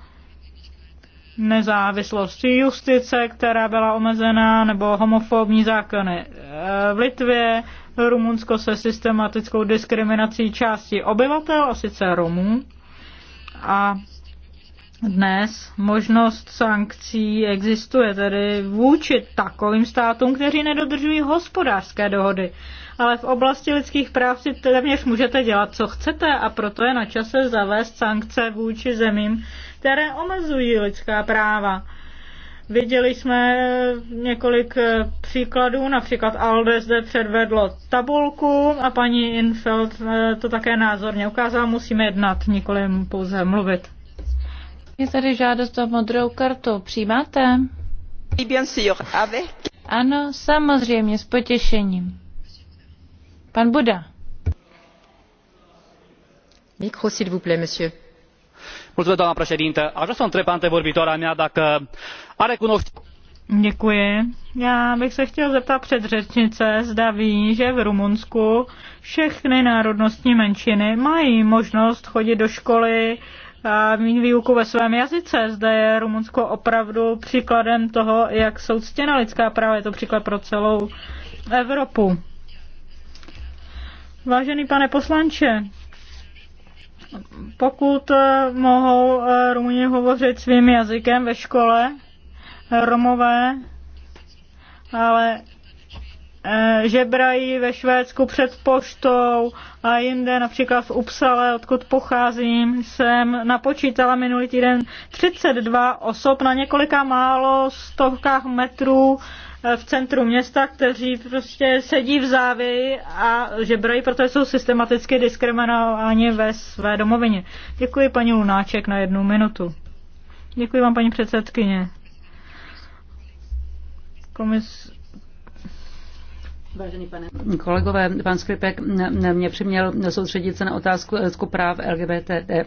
nezávislost justice, která byla omezená, nebo homofobní zákony eh, v Litvě. Rumunsko se systematickou diskriminací části obyvatel, a sice Romů. A dnes možnost sankcí existuje tedy vůči takovým státům, kteří nedodržují hospodářské dohody. Ale v oblasti lidských práv si téměř můžete dělat, co chcete a proto je na čase zavést sankce vůči zemím, které omezují lidská práva. Viděli jsme několik eh, příkladů, například Alde zde předvedlo tabulku a paní Infeld eh, to také názorně ukázala, musíme jednat, nikoli pouze mluvit. Je tady žádost o modrou kartu. Přijímáte? Ano, samozřejmě, s potěšením. Pan Buda. Micro, s'il vous plaît, monsieur. Mulțumesc, doamna președinte. Aș vrea să o întreb pe antevorbitoarea mea dacă are cunoștință. Děkuji. Já bych se chtěl zeptat předřečnice, zda ví, že v Rumunsku všechny národnostní menšiny mají možnost chodit do školy mít výuku ve svém jazyce. Zde je Rumunsko opravdu příkladem toho, jak jsou ctěna lidská práva. Je to příklad pro celou Evropu. Vážený pane poslanče, pokud eh, mohou eh, Rumuni hovořit svým jazykem ve škole, Romové, ale Eh, žebrají ve Švédsku před poštou a jinde, například v Upsale, odkud pocházím, jsem napočítala minulý týden 32 osob na několika málo stovkách metrů eh, v centru města, kteří prostě sedí v závěji a žebrají, protože jsou systematicky diskriminováni ve své domovině. Děkuji paní Lunáček na jednu minutu. Děkuji vám, paní předsedkyně. Komis Vážený pane kolegové, pan Skripek mě přiměl soustředit se na otázku eh, práv LGBT e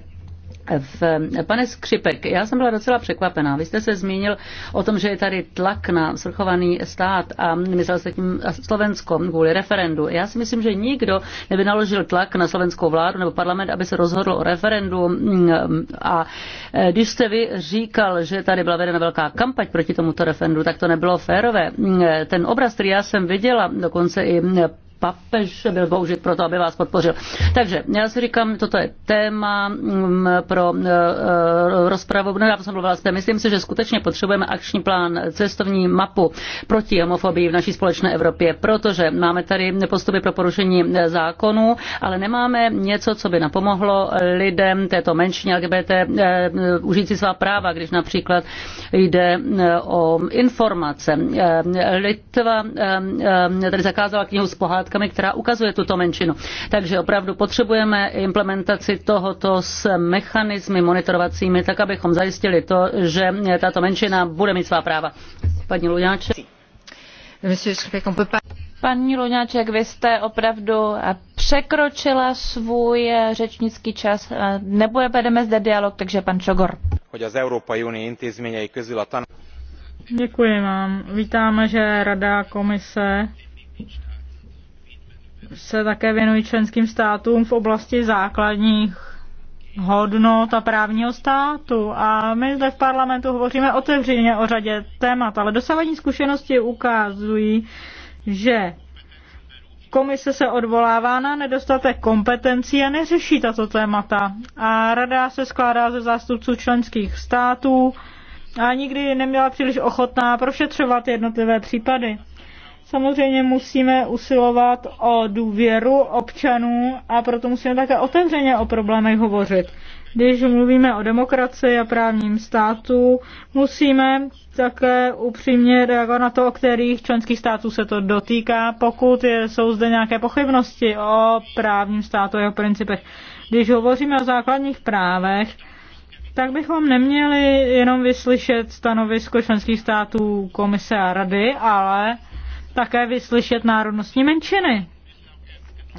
v, pane Skřipek, já jsem byla docela překvapená. Vy jste se zmínil o tom, že je tady tlak na svrchovaný stát a myslel jste tím Slovensko kvůli referendu. Já si myslím, že nikdo neby naložil tlak na slovenskou vládu nebo parlament, aby se rozhodl o referendu. A když jste vy říkal, že tady byla vedena velká kampaň proti tomuto referendu, tak to nebylo férové. Ten obraz, který já jsem viděla, dokonce i papež byl použit pro to, aby vás podpořil. Takže já si říkám, toto je téma mm, pro eh, eh, rozpravu. No, já jsem mluvila s Myslím si, že skutečně potřebujeme akční plán, cestovní mapu proti homofobii v naší společné Evropě, protože máme tady postupy pro porušení zákonů, ale nemáme něco, co by napomohlo lidem této menšině LGBT eh, užít si svá práva, když například jde o informace. Litva tady zakázala knihu z pohádky svědkami, která ukazuje tuto menšinu. Takže opravdu potřebujeme implementaci tohoto s mechanizmy monitorovacími, tak abychom zajistili to, že tato menšina bude mít svá práva. Paní Luňáče. Paní Luňáček, vy jste opravdu překročila svůj řečnický čas. Nebudeme zde dialog, takže pan Čogor. Děkuji vám. Vítáme, že Rada Komise se také věnují členským státům v oblasti základních hodnot a právního státu. A my zde v parlamentu hovoříme otevřeně o řadě témat, ale dosavadní zkušenosti ukazují, že komise se odvolává na nedostatek kompetencí a neřeší tato témata. A rada se skládá ze zástupců členských států a nikdy neměla příliš ochotná prošetřovat jednotlivé případy. Samozřejmě musíme usilovat o důvěru občanů a proto musíme také otevřeně o problémech hovořit. Když mluvíme o demokracii a právním státu, musíme také upřímně reagovat na to, o kterých členských států se to dotýká, pokud je, jsou zde nějaké pochybnosti o právním státu a jeho principech. Když hovoříme o základních právech, tak bychom neměli jenom vyslyšet stanovisko členských států komise a rady, ale také vyslyšet národnostní menšiny.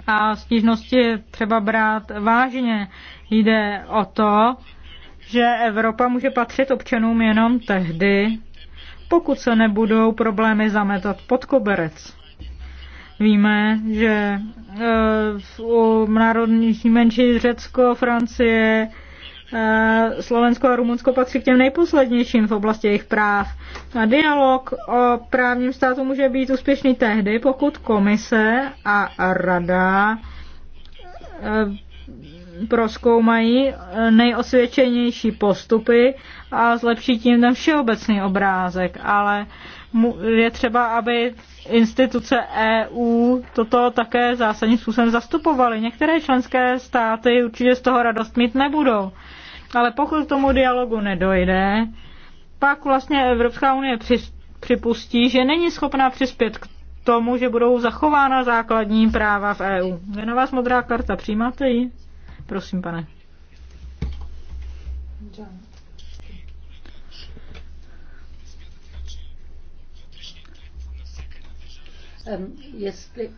A stížnosti třeba brát vážně. Jde o to, že Evropa může patřit občanům jenom tehdy, pokud se nebudou problémy zametat pod koberec. Víme, že e, u národní menší Řecko, Francie, Eh, Slovensko a Rumunsko patří k těm nejposlednějším v oblasti jejich práv. A dialog o právním státu může být úspěšný tehdy, pokud komise a rada eh, proskoumají eh, nejosvědčenější postupy a zlepší tím ten všeobecný obrázek, ale je třeba, aby instituce EU toto také zásadním způsobem zastupovaly. Některé členské státy určitě z toho radost mít nebudou. Ale pokud k tomu dialogu nedojde, pak vlastně Evropská unie připustí, že není schopná přispět k tomu, že budou zachována základní práva v EU. Je na vás modrá karta, přijímáte ji? Prosím, pane. Um, jestli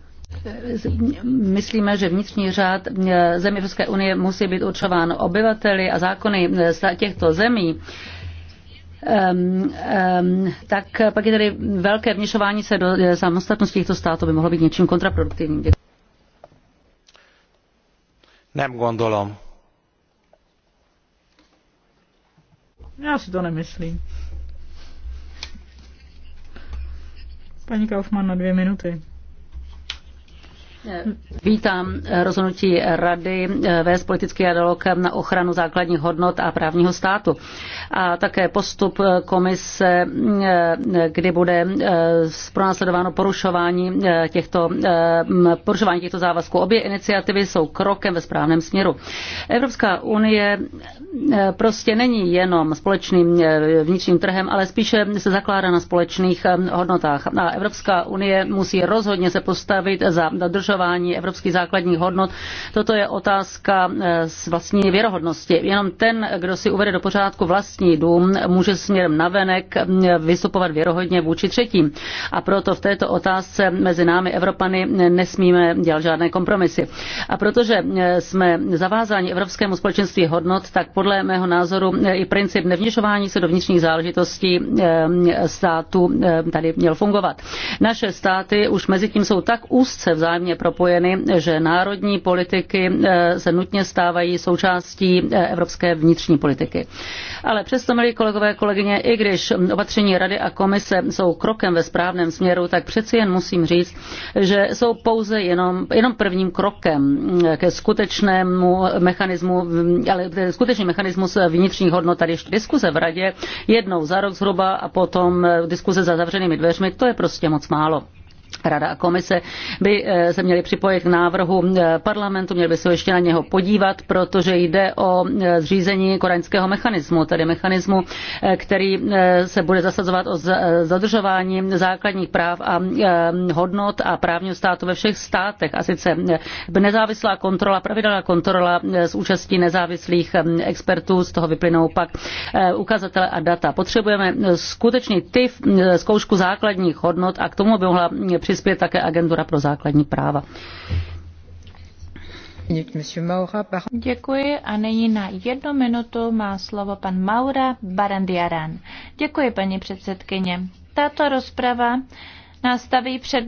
Myslíme, že vnitřní řád eh, zemí Evropské unie musí být určován obyvateli a zákony eh, z těchto zemí. Um, um, tak pak je tady velké vněšování se do eh, samostatnosti těchto států by mohlo být něčím kontraproduktivním. Nem gondolom. Já si to nemyslím. Paní Kaufmann na dvě minuty. Vítám rozhodnutí Rady eh, vést politický dialog na ochranu základních hodnot a právního státu a také postup eh, komise, eh, kdy bude pronásledováno porušování těchto, porušování těchto závazků. Obě iniciativy jsou krokem ve správném směru. Evropská unie prostě není jenom společným vnitřním trhem, ale spíše se zakládá na společných hodnotách. A Evropská unie musí rozhodně se postavit za dodržování porušování evropských základních hodnot. Toto je otázka eh, z vlastní věrohodnosti. Jenom ten, kdo si uvede do pořádku vlastní dům, může směrem navenek eh, vystupovat věrohodně vůči třetím. A proto v této otázce mezi námi Evropany nesmíme dělat žádné kompromisy. A protože eh, jsme zavázáni Evropskému společenství hodnot, tak podle mého názoru i princip nevněšování se do vnitřních záležitostí státu tady měl fungovat. Naše státy už mezi tím jsou tak úzce vzájemně propojeny, že národní politiky eh, se nutně stávají součástí eh, evropské vnitřní politiky. Ale přesto, milí kolegové, kolegyně, i když opatření Rady a komise jsou krokem ve správném směru, tak přeci jen musím říct, že jsou pouze jenom, jenom prvním krokem eh, ke skutečnému mechanismu, ale skutečný mechanismus vnitřních hodnot. Tady ještě diskuze v Radě jednou za rok zhruba a potom diskuze za zavřenými dveřmi, to je prostě moc málo. Rada a komise by eh, se měly připojit k návrhu eh, parlamentu, měly by se ještě na něho podívat, protože jde o eh, zřízení koreňského mechanismu, tedy mechanismu, který se bude zasazovat o zadržování základních práv a hodnot a právního státu ve všech státech. A sice nezávislá kontrola, pravidelná kontrola s účastí nezávislých expertů, z toho vyplynou pak ukazatele a data. Potřebujeme skutečný typ zkoušku základních hodnot a k tomu by mohla přispěje také Agentura pro základní práva. Děkuji a nyní na jednu minutu má slovo pan Maura Barandiaran. Děkuji, paní předsedkyně. Tato rozprava nastaví před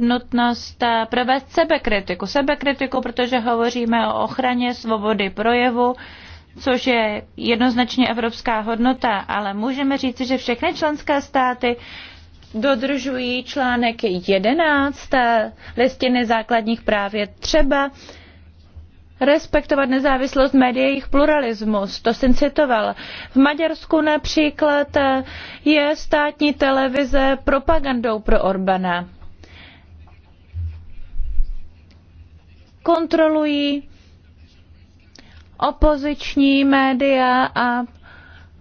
eh, provést sebekritiku. Sebekritiku, protože hovoříme o ochraně svobody projevu, což je jednoznačně evropská hodnota, ale můžeme říci, že všechny členské státy dodržují článek 11 listiny základních práv. Je třeba respektovat nezávislost médií jejich pluralismus. To jsem citoval. V Maďarsku například je státní televize propagandou pro Orbana. Kontrolují opoziční média a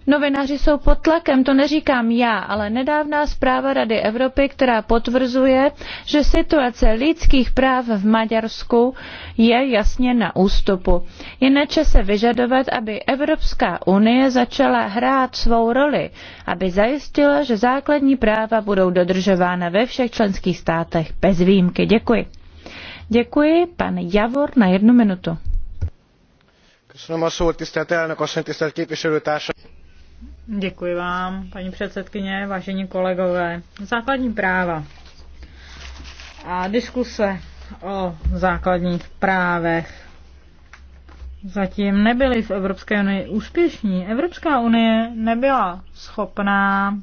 Novináři jsou pod tlakem, to neříkám já, ale nedávná zpráva Rady Evropy, která potvrzuje, že situace lidských práv v Maďarsku je jasně na ústupu. Je na čase vyžadovat, aby Evropská unie začala hrát svou roli, aby zajistila, že základní práva budou dodržována ve všech členských státech bez výjimky. Děkuji. Děkuji, pan Javor, na jednu minutu. Köszönöm a szót, tisztelt elnök asszony, tisztelt képviselőtársak! Děkuji vám, paní předsedkyně, vážení kolegové. Základní práva a diskuse o základních právech zatím nebyly v Evropské unii úspěšní. Evropská unie nebyla schopná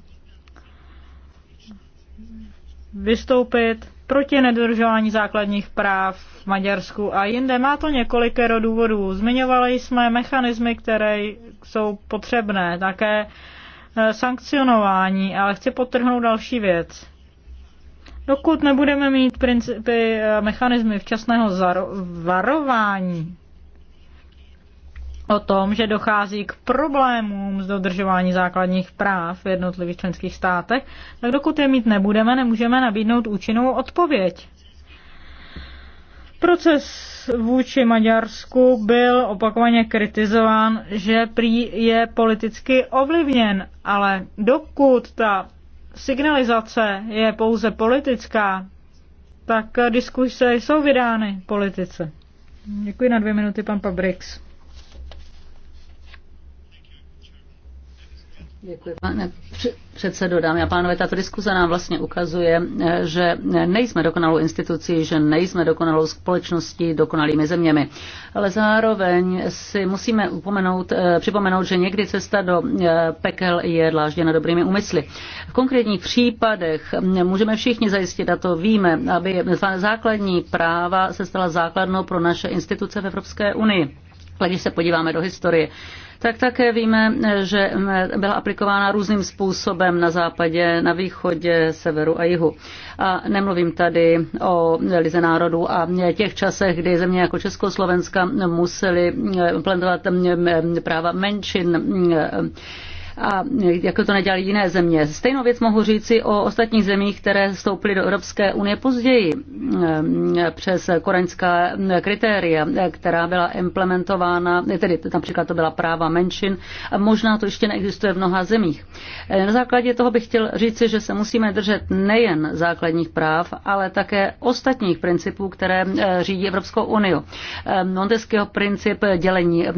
vystoupit proti nedodržování základních práv v Maďarsku a jinde. Má to několikero důvodů. Zmiňovali jsme mechanismy, které jsou potřebné. Také eh, sankcionování, ale chci potrhnout další věc. Dokud nebudeme mít principy, mechanismy včasného varování o tom, že dochází k problémům s dodržování základních práv v jednotlivých členských státech, tak dokud je mít nebudeme, nemůžeme nabídnout účinnou odpověď. Proces vůči Maďarsku byl opakovaně kritizován, že prý je politicky ovlivněn, ale dokud ta signalizace je pouze politická, tak diskuse jsou vydány politice. Děkuji na dvě minuty, pan Pabrix. Děkuji, pane předsedo, dámy a pánové. Tato diskuze nám vlastně ukazuje, eh, že nejsme dokonalou institucí, že nejsme dokonalou společností, dokonalými zeměmi. Ale zároveň si musíme upomenout, eh, připomenout, že někdy cesta do eh, pekel je dlážděna dobrými úmysly. V konkrétních případech mm, můžeme všichni zajistit, a to víme, aby základní práva se stala základnou pro naše instituce v Evropské unii. Když se podíváme do historie, tak také víme, že byla aplikována různým způsobem na západě, na východě, severu a jihu. A nemluvím tady o lize národů a těch časech, kdy země jako Československa museli plantovat práva menšin a jako to nedělali jiné země. Stejnou věc mohu říci o ostatních zemích, které vstoupily do Evropské unie později ehm, přes koreňská kritéria, která byla implementována, tedy například to byla práva menšin, možná to ještě neexistuje v mnoha zemích. E, na základě toho bych chtěl říci, že se musíme držet nejen základních práv, ale také ostatních principů, které e, řídí Evropskou unii. Ehm, Montesquieu princip dělení e,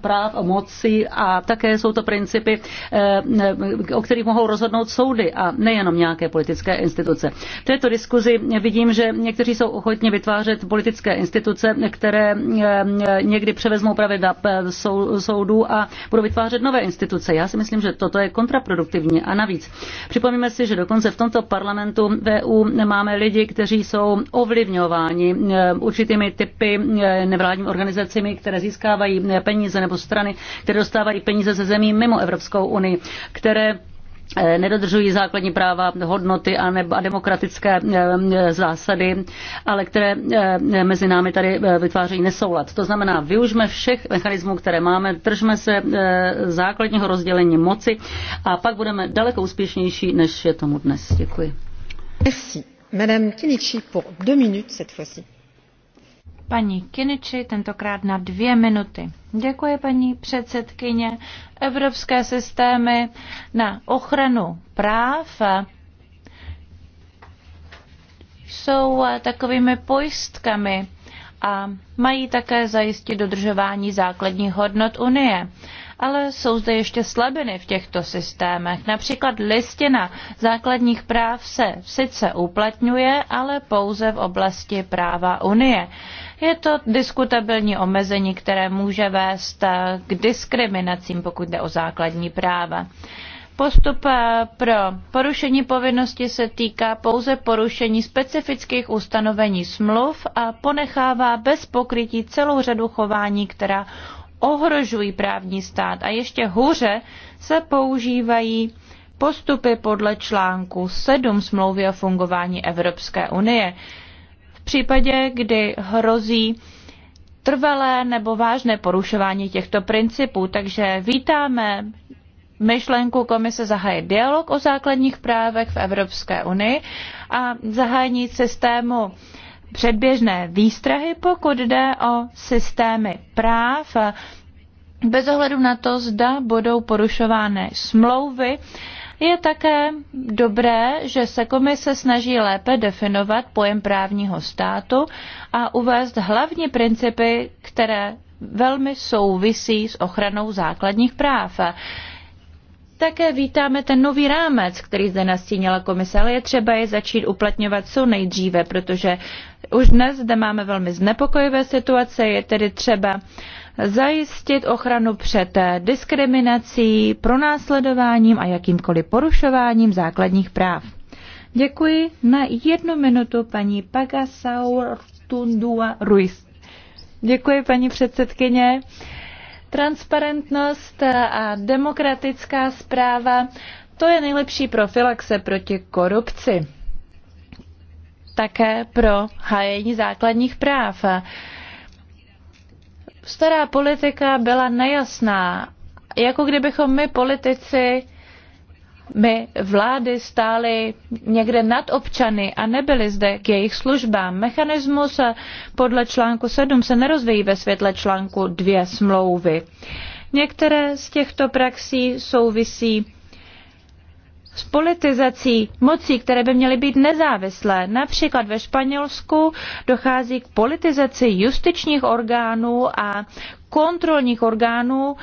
práv, a moci demokracií a také jsou to principy, eh, o kterých mohou rozhodnout soudy a nejenom nějaké politické instituce. V této diskuzi vidím, že někteří jsou ochotni vytvářet politické instituce, které eh, někdy převezmou pravidla eh, soudů a budou vytvářet nové instituce. Já si myslím, že toto je kontraproduktivní. A navíc připomíme si, že dokonce v tomto parlamentu VU e máme lidi, kteří jsou ovlivňováni určitými typy nevládními organizacemi, které získávají peníze nebo strany, které dostávají peníze ze zemí mimo Evropskou unii, které eh, nedodržují základní práva, hodnoty a, a demokratické eh, zásady, ale které eh, mezi námi tady vytvářejí nesoulad. To znamená, využme všech mechanismů, které máme, držme se základního rozdělení moci a pak budeme daleko úspěšnější, než je tomu dnes. Děkuji. Merci. Madame Kinichi pour deux minutes cette fois-ci paní Kiniči, tentokrát na dvě minuty. Děkuji, paní předsedkyně. Evropské systémy na ochranu práv jsou takovými pojistkami a mají také zajistit dodržování základních hodnot Unie. Ale jsou zde ještě slabiny v těchto systémech. Například listina základních práv se sice uplatňuje, ale pouze v oblasti práva Unie. Je to diskutabilní omezení, které může vést eh, k diskriminacím, pokud jde o základní práva. Postup eh, pro porušení povinnosti se týká pouze porušení specifických ustanovení smluv a ponechává bez pokrytí celou řadu chování, která ohrožují právní stát a ještě hůře se používají postupy podle článku 7 smlouvy o fungování Evropské unie případě, kdy hrozí trvalé nebo vážné porušování těchto principů. Takže vítáme myšlenku komise zahájit dialog o základních právech v Evropské unii a zahájení systému předběžné výstrahy, pokud jde o systémy práv, bez ohledu na to, zda budou porušovány smlouvy je také dobré, že se komise snaží lépe definovat pojem právního státu a uvést hlavní principy, které velmi souvisí s ochranou základních práv. Také vítáme ten nový rámec, který zde nastínila komise, ale je třeba je začít uplatňovat co nejdříve, protože už dnes zde máme velmi znepokojivé situace, je tedy třeba zajistit ochranu před diskriminací, pronásledováním a jakýmkoliv porušováním základních práv. Děkuji. Na jednu minutu paní Pagasaur Tundua Ruiz. Děkuji, paní předsedkyně. Transparentnost a demokratická zpráva, to je nejlepší profilaxe proti korupci. Také pro hájení základních práv stará politika byla nejasná. Jako kdybychom my politici, my vlády stály někde nad občany a nebyly zde k jejich službám. Mechanismus podle článku 7 se nerozvíjí ve světle článku 2 smlouvy. Některé z těchto praxí souvisí s politizací mocí, které by měly být nezávislé. Například ve Španělsku dochází k politizaci justičních orgánů a kontrolních orgánů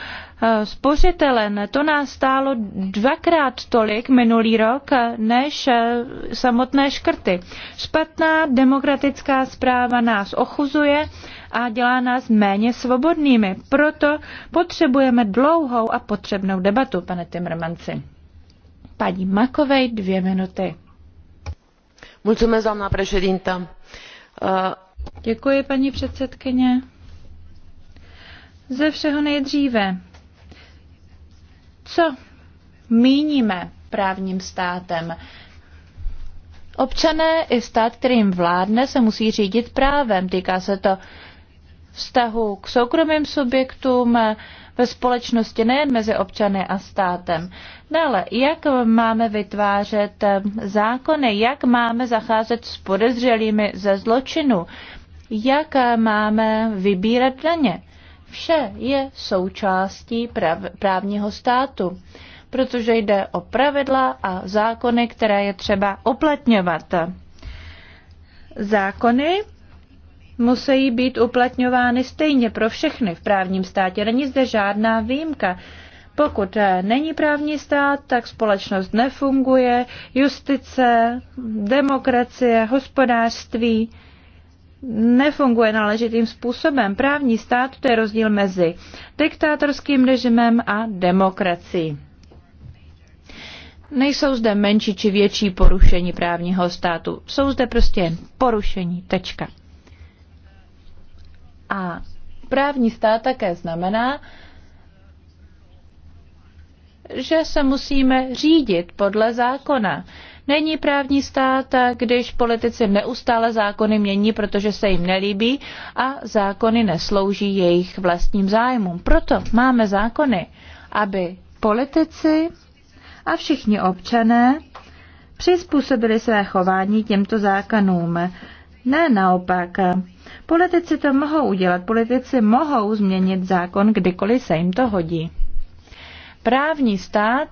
eh, spořitelen. To nás stálo dvakrát tolik minulý rok, eh, než eh, samotné škrty. Špatná demokratická zpráva nás ochuzuje a dělá nás méně svobodnými. Proto potřebujeme dlouhou a potřebnou debatu, pane Timmermansi. Paní Makovej, dvě minuty. Mulțumesc, doamna președintă. Uh, Děkuji, paní předsedkyně. Ze všeho nejdříve. Co míníme právním státem? Občané i stát, kterým vládne, se musí řídit právem. Týká se to vztahu k soukromým subjektům, ve společnosti, nejen mezi občany a státem. Dále, jak máme vytvářet eh, zákony, jak máme zacházet s podezřelými ze zločinu, jak eh, máme vybírat daně. Vše je součástí prav, právního státu, protože jde o pravidla a zákony, které je třeba uplatňovat. Zákony musí být uplatňovány stejně pro všechny v právním státě. Není zde žádná výjimka. Pokud eh, není právní stát, tak společnost nefunguje, justice, demokracie, hospodářství nefunguje náležitým způsobem. Právní stát to je rozdíl mezi diktátorským režimem a demokracií. Nejsou zde menší či větší porušení právního státu. Jsou zde prostě porušení. Tečka. A právní stát také znamená, že se musíme řídit podle zákona. Není právní stát, když politici neustále zákony mění, protože se jim nelíbí a zákony neslouží jejich vlastním zájmům. Proto máme zákony, aby politici a všichni občané přizpůsobili své chování těmto zákonům. Ne naopak, Politici to mohou udělat, politici mohou změnit zákon, kdykoliv se jim to hodí. Právní stát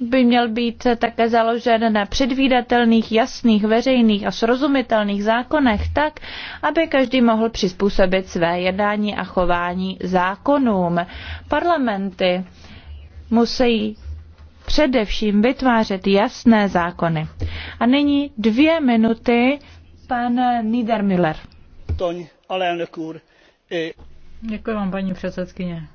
by měl být také založen na předvídatelných, jasných, veřejných a srozumitelných zákonech tak, aby každý mohl přizpůsobit své jednání a chování zákonům. Parlamenty musí především vytvářet jasné zákony. A nyní dvě minuty pan Niedermüller. Děkuji vám, paní předsedkyně.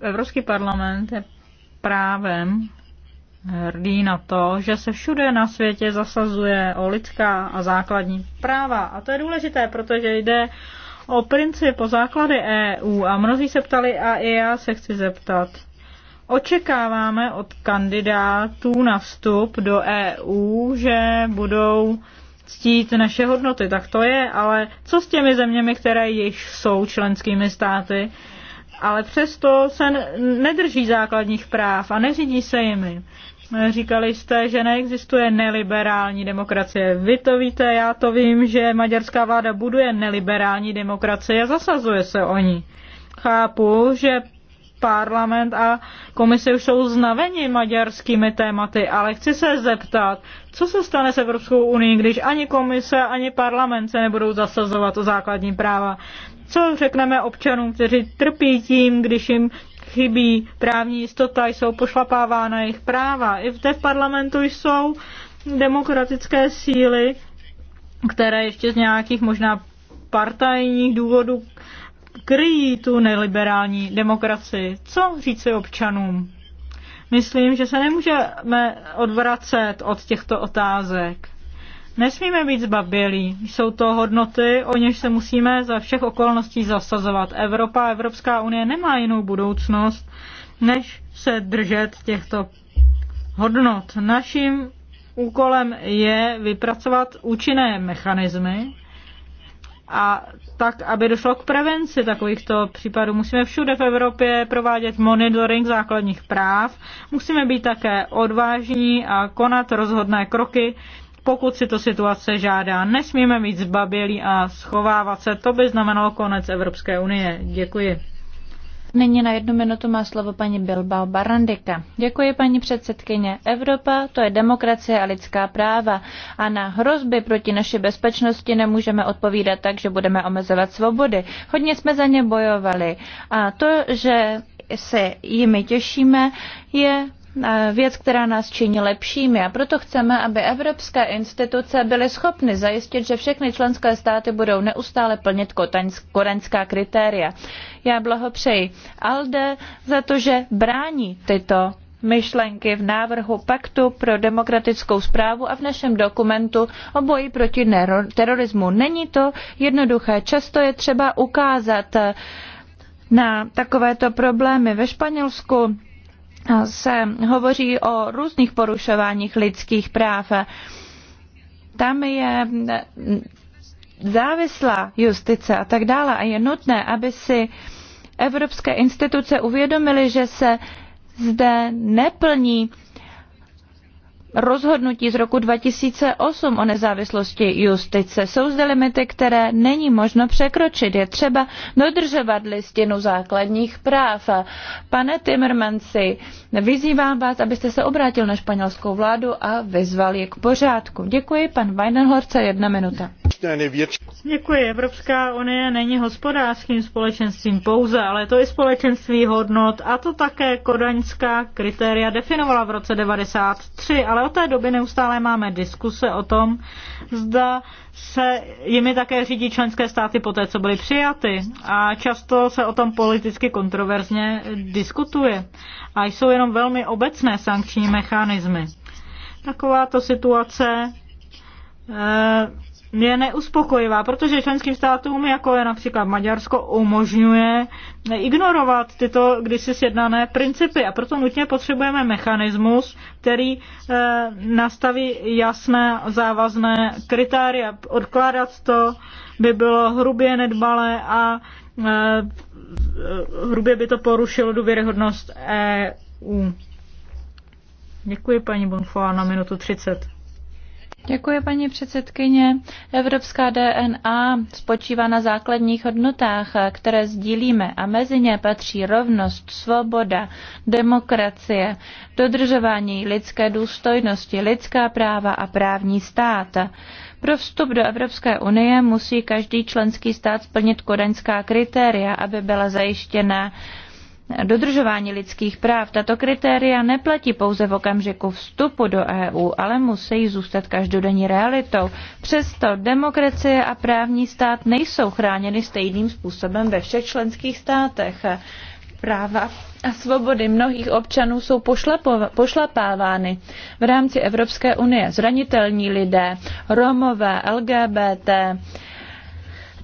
Evropský parlament je právem hrdý na to, že se všude na světě zasazuje o lidská a základní práva. A to je důležité, protože jde o princip, o základy EU a mnozí se ptali a i já se chci zeptat. Očekáváme od kandidátů na vstup do EU, že budou ctít naše hodnoty. Tak to je, ale co s těmi zeměmi, které již jsou členskými státy, ale přesto se nedrží základních práv a neřídí se jimi. Říkali jste, že neexistuje neliberální demokracie. Vy to víte, já to vím, že maďarská vláda buduje neliberální demokracie a zasazuje se o ní. Chápu, že parlament a komise už jsou znaveni maďarskými tématy, ale chci se zeptat, co se stane s Evropskou unii, když ani komise, ani parlament se nebudou zasazovat o základní práva? Co řekneme občanům, kteří trpí tím, když jim chybí právní jistota, jsou pošlapávána jejich práva. I zde v parlamentu jsou demokratické síly, které ještě z nějakých možná partajních důvodů kryjí tu neliberální demokracii. Co říci občanům? Myslím, že se nemůžeme odvracet od těchto otázek. Nesmíme být zbabělí. Jsou to hodnoty, o něž se musíme za všech okolností zasazovat. Evropa, Evropská unie nemá jinou budoucnost, než se držet těchto hodnot. Naším úkolem je vypracovat účinné mechanismy a tak, aby došlo k prevenci takovýchto případů. Musíme všude v Evropě provádět monitoring základních práv, musíme být také odvážní a konat rozhodné kroky, pokud si to situace žádá. Nesmíme mít zbabělí a schovávat se, to by znamenalo konec Evropské unie. Děkuji. Nyní na jednu minutu má slovo paní Bilbao Barandika. Děkuji, paní předsedkyně. Evropa, to je demokracie a lidská práva. A na hrozby proti naší bezpečnosti nemůžeme odpovídat tak, že budeme omezovat svobody. Hodně jsme za ně bojovali. A to, že se jimi těšíme, je Eh, věc, která nás činí lepšími. A proto chceme, aby evropské instituce byly schopny zajistit, že všechny členské státy budou neustále plnit korenská kritéria. Já blahopřeji ALDE za to, že brání tyto myšlenky v návrhu Paktu pro demokratickou zprávu a v našem dokumentu o boji proti terorismu. Není to jednoduché. Často je třeba ukázat eh, na takovéto problémy. Ve Španělsku se hovoří o různých porušováních lidských práv. Tam je závislá justice a tak dále. A je nutné, aby si evropské instituce uvědomily, že se zde neplní rozhodnutí z roku 2008 o nezávislosti justice. Jsou zde limity, které není možno překročit. Je třeba dodržovat listinu základních práv. Pane Timmermansi, vyzývám vás, abyste se obrátil na španělskou vládu a vyzval je k pořádku. Děkuji, pan Weidenhorce, jedna minuta. Děkuji. Evropská unie není hospodářským společenstvím pouze, ale to je společenství hodnot a to také kodaňská kritéria definovala v roce 93, ale od té doby neustále máme diskuse o tom, zda se jimi také řídí členské státy po té, co byly přijaty a často se o tom politicky kontroverzně diskutuje a jsou jenom velmi obecné sankční mechanismy. Takováto situace eh, je neuspokojivá, protože členským státům, jako je například Maďarsko, umožňuje ignorovat tyto kdysi sjednané principy. A proto nutně potřebujeme mechanismus, který e, nastaví jasné závazné kritéria. Odkládat to by bylo hrubě nedbalé a e, hrubě by to porušilo důvěryhodnost EU. Děkuji paní Bonfoa na minutu 30. Děkuji, paní předsedkyně. Evropská DNA spočívá na základních hodnotách, které sdílíme a mezi ně patří rovnost, svoboda, demokracie, dodržování lidské důstojnosti, lidská práva a právní stát. Pro vstup do Evropské unie musí každý členský stát splnit kodaňská kritéria, aby byla zajištěna dodržování lidských práv. Tato kritéria neplatí pouze v okamžiku vstupu do EU, ale musí zůstat každodenní realitou. Přesto demokracie a právní stát nejsou chráněny stejným způsobem ve všech členských státech. Práva a svobody mnohých občanů jsou pošlapávány v rámci Evropské unie. Zranitelní lidé, Romové, LGBT,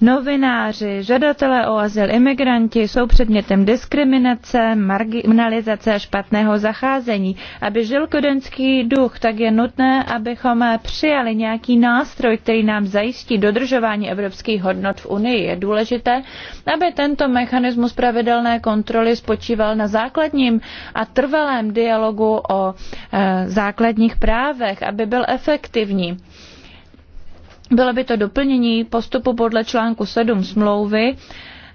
Novináři, žadatelé o azyl, imigranti jsou předmětem diskriminace, marginalizace a špatného zacházení. Aby žil kodenský duch, tak je nutné, abychom přijali nějaký nástroj, který nám zajistí dodržování evropských hodnot v Unii. Je důležité, aby tento mechanismus pravidelné kontroly spočíval na základním a trvalém dialogu o e, základních právech, aby byl efektivní. Bylo by to doplnění postupu podle článku 7 smlouvy,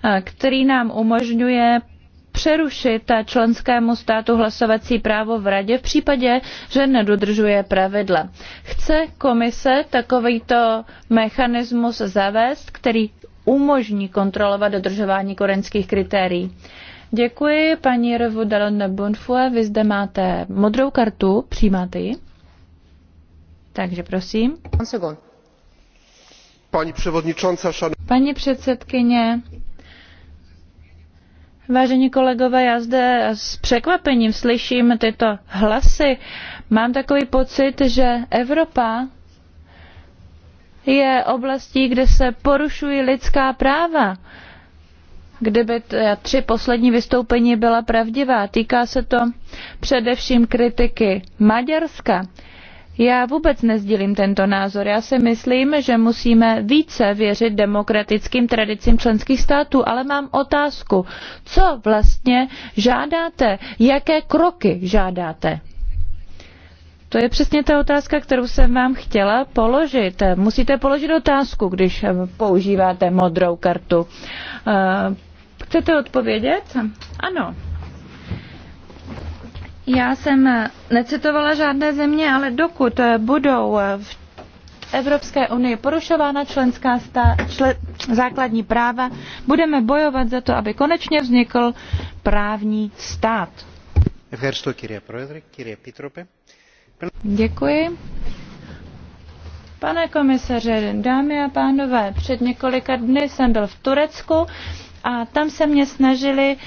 eh, který nám umožňuje přerušit členskému státu hlasovací právo v radě v případě, že nedodržuje pravidla. Chce komise takovýto mechanismus zavést, který umožní kontrolovat dodržování korenských kritérií. Děkuji, paní Revu Dalonne Bonfue. Vy zde máte modrou kartu, přijímáte ji? Takže prosím. One second. Paní předsedkyně, Paní předsedkyně, vážení kolegové, já zde s překvapením slyším tyto hlasy. Mám takový pocit, že Evropa je oblastí, kde se porušují lidská práva. Kdyby tři poslední vystoupení byla pravdivá, týká se to především kritiky Maďarska. Já vůbec nezdílím tento názor. Já si myslím, že musíme více věřit demokratickým tradicím členských států, ale mám otázku. Co vlastně žádáte? Jaké kroky žádáte? To je přesně ta otázka, kterou jsem vám chtěla položit. Musíte položit otázku, když používáte modrou kartu. Eh, chcete odpovědět? Ano. Já jsem necitovala žádné země, ale dokud budou v Evropské unii porušována členská stá, čle, základní práva, budeme bojovat za to, aby konečně vznikl právní stát. Děkuji. Pane komisaře, dámy a pánové, před několika dny jsem byl v Turecku a tam se mě snažili uh,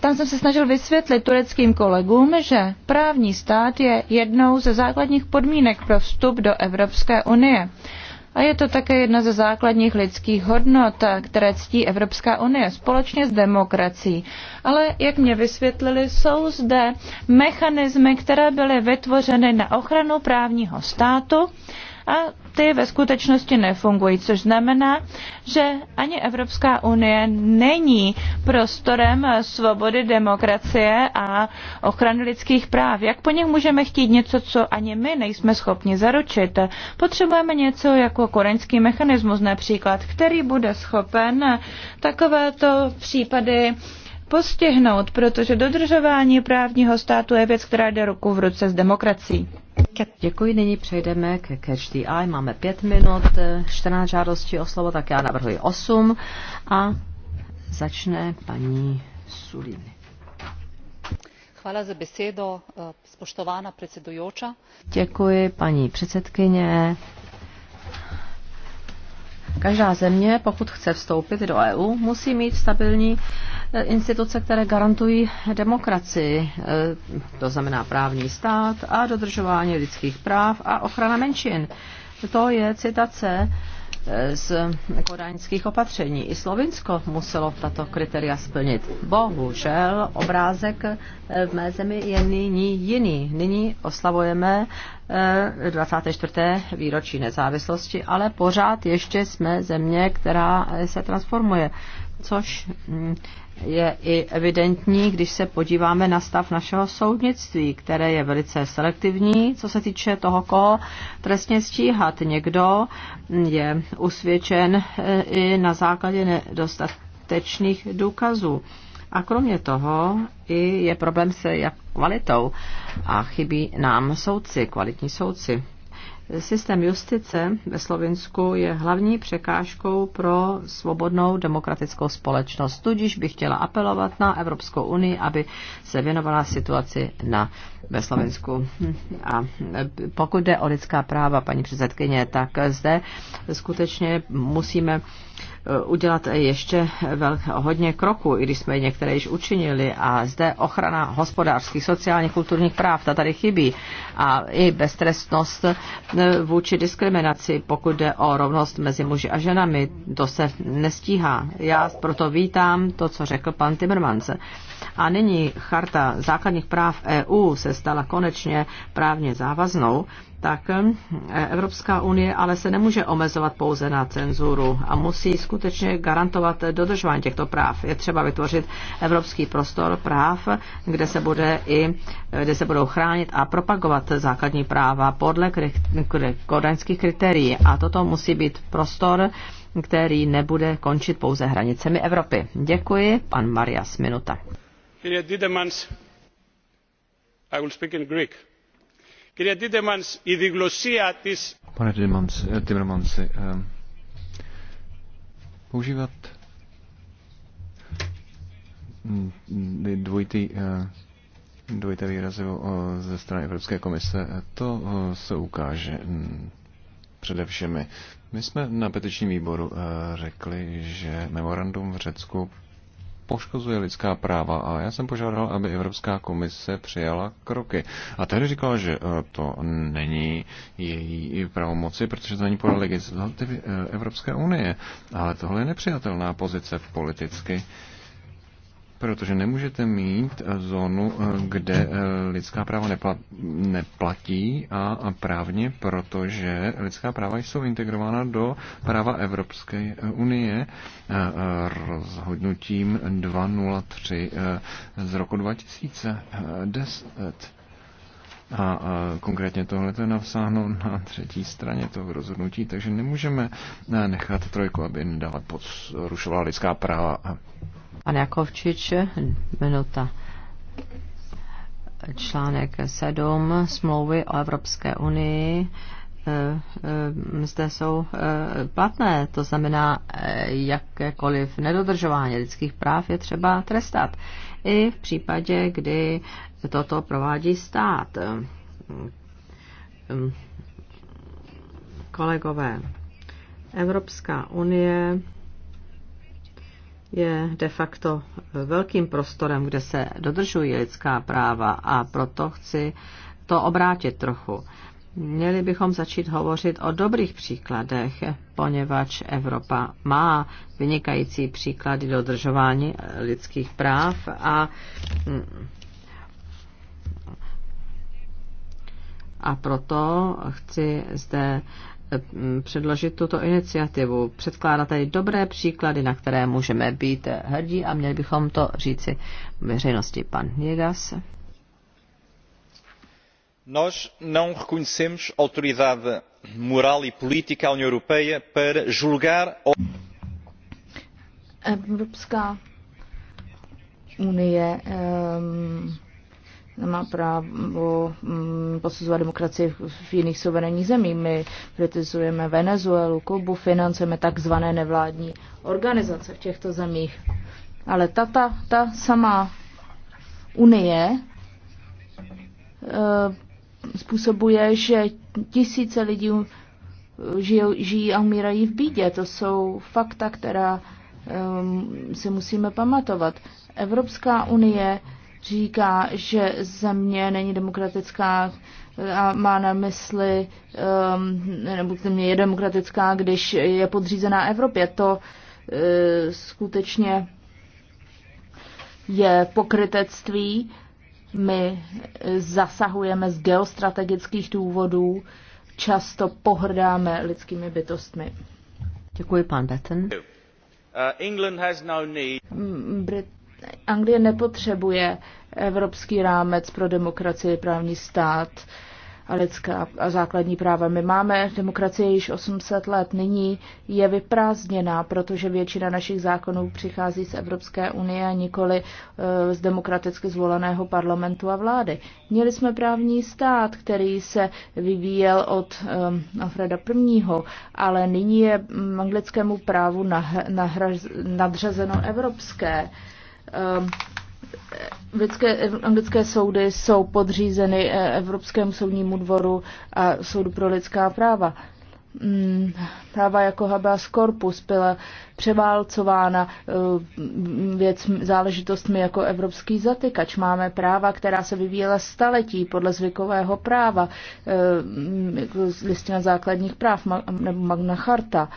tam jsem se snažil vysvětlit tureckým kolegům, že právní stát je jednou ze základních podmínek pro vstup do Evropské unie. A je to také jedna ze základních lidských hodnot, které ctí Evropská unie společně s demokracií. Ale jak mě vysvětlili, jsou zde mechanismy, které byly vytvořeny na ochranu právního státu a ty ve skutečnosti nefungují, což znamená, že ani Evropská unie není prostorem svobody, demokracie a ochrany lidských práv. Jak po nich můžeme chtít něco, co ani my nejsme schopni zaručit? Potřebujeme něco jako koreňský mechanismus například, který bude schopen takovéto případy postihnout, protože dodržování právního státu je věc, která jde ruku v ruce s demokracií. Děkuji, nyní přejdeme k Catch the Eye. Máme pět minut, 14 eh, žádostí o slovo, tak já navrhuji 8 a začne paní Suliny. Hvala za besedo, eh, spoštovana predsedujoča. Děkuji, paní předsedkyně. Každá země, pokud chce vstoupit do EU, musí mít stabilní instituce, které garantují demokracii, to znamená právní stát a dodržování lidských práv a ochrana menšin. To je citace eh, z kodaňských opatření. I Slovinsko muselo tato kritéria splnit. Bohužel obrázek eh, v mé zemi je nyní jiný. Nyní oslavujeme 24. Eh, výročí nezávislosti, ale pořád ještě jsme země, která se transformuje, což mm, je i evidentní, když se podíváme na stav našeho soudnictví, které je velice selektivní, co se týče toho, koho trestně stíhat. Někdo je usvědčen eh, i na základě nedostatečných důkazů. A kromě toho i je problém se jak kvalitou a chybí nám soudci, kvalitní soudci. Systém justice ve slovensku je hlavní překážkou pro svobodnou demokratickou společnost. Tudíž bych chtěla apelovat na Evropskou unii, aby se věnovala situaci na, ve Slovensku. A pokud jde o lidská práva, paní předsedkyně, tak zde skutečně musíme Eh, udělat ještě velké, hodně kroků, i když jsme některé již učinili a zde ochrana hospodářských, sociálních, kulturních práv, ta tady chybí a i beztrestnost eh, vůči diskriminaci, pokud jde o rovnost mezi muži a ženami, to se nestíhá. Já proto vítám to, co řekl pan Timmermans. A nyní charta základních práv EU se stala konečně právně závaznou tak eh, Evropská unie ale se nemůže omezovat pouze na cenzuru a musí skutečně garantovat dodržování těchto práv. Je třeba vytvořit evropský prostor práv, kde se, bude i, eh, kde se budou chránit a propagovat základní práva podle kodaňských kritérií. A toto musí být prostor, který nebude končit pouze hranicemi Evropy. Děkuji, pan Marias Minuta. I will speak in Greek. Κύριε Τίτεμανς, η διγλωσία Pane Timmermansi, používat mm, mm, dvojitý, eh, dvojité výrazivo eh, ze strany Evropské komise, eh, to se ukáže mm, především. My jsme na petičním výboru řekli, že memorandum v Řecku poškozuje lidská práva a já jsem požádal, aby Evropská komise přijala kroky. A tady říkala, že eh, to není její pravomoci, protože to není podle legislativy eh, Evropské unie. Ale tohle je nepřijatelná pozice politicky Protože nemůžete mít eh, zónu, eh, kde eh, lidská práva neplatí a právně, protože lidská práva jsou integrována do práva Evropské unie rozhodnutím 203 z roku 2010. A, a konkrétně tohle to je napsáno na třetí straně toho rozhodnutí, takže nemůžeme eh, nechat trojku, aby dále porušovala lidská práva. Pan Jakovčič, minuta. Článek 7 smlouvy o Evropské unii eh, eh, zde jsou platné. To znamená, jakékoliv nedodržování lidských práv je třeba trestat. I v případě, kdy toto provádí stát. Ehm, kolegové, Evropská unie je de facto velkým prostorem, kde se dodržují lidská práva a proto chci to obrátit trochu. Měli bychom začít hovořit o dobrých příkladech, poněvadž Evropa má vynikající příklady dodržování lidských práv a hm, A proto chci zde mm, předložit tuto iniciativu. Předkládá tady dobré příklady, na které můžeme být hrdí a měli bychom to říci veřejnosti. Pan Jegas. Nós não reconhecemos autoridade moral e política à União Europeia para julgar. Evropská unie um nemá právo mm, posuzovat demokracii v jiných suverénních zemích. My kritizujeme Venezuelu, Kubu, financujeme takzvané nevládní organizace v těchto zemích. Ale ta, ta, ta samá unie eh, způsobuje, že tisíce lidí žijou, žijí a umírají v bídě. To jsou fakta, která um, si musíme pamatovat. Evropská unie říká, že země není demokratická a má na mysli, um, nebo země je demokratická, když je podřízená Evropě. To uh, skutečně je pokrytectví. My zasahujeme z geostrategických důvodů, často pohrdáme lidskými bytostmi. Děkuji, pan Betten. Uh, no mm, Brit- Anglie nepotřebuje evropský rámec pro demokracii, právní stát a lidská a základní práva. My máme demokracii již 800 let, nyní je vyprázdněná, protože většina našich zákonů přichází z Evropské unie a nikoli eh, z demokraticky zvoleného parlamentu a vlády. Měli jsme právní stát, který se vyvíjel od eh, Alfreda I., ale nyní je mm, anglickému právu nadřazeno evropské Britské, ehm, anglické soudy jsou podřízeny eh, Evropskému soudnímu dvoru a soudu pro lidská práva. Mm, práva jako habeas corpus byla převálcována eh, věc, záležitostmi jako evropský zatykač. Máme práva, která se vyvíjela staletí podle zvykového práva, eh, mm, jako listina základních práv nebo Magna Charta.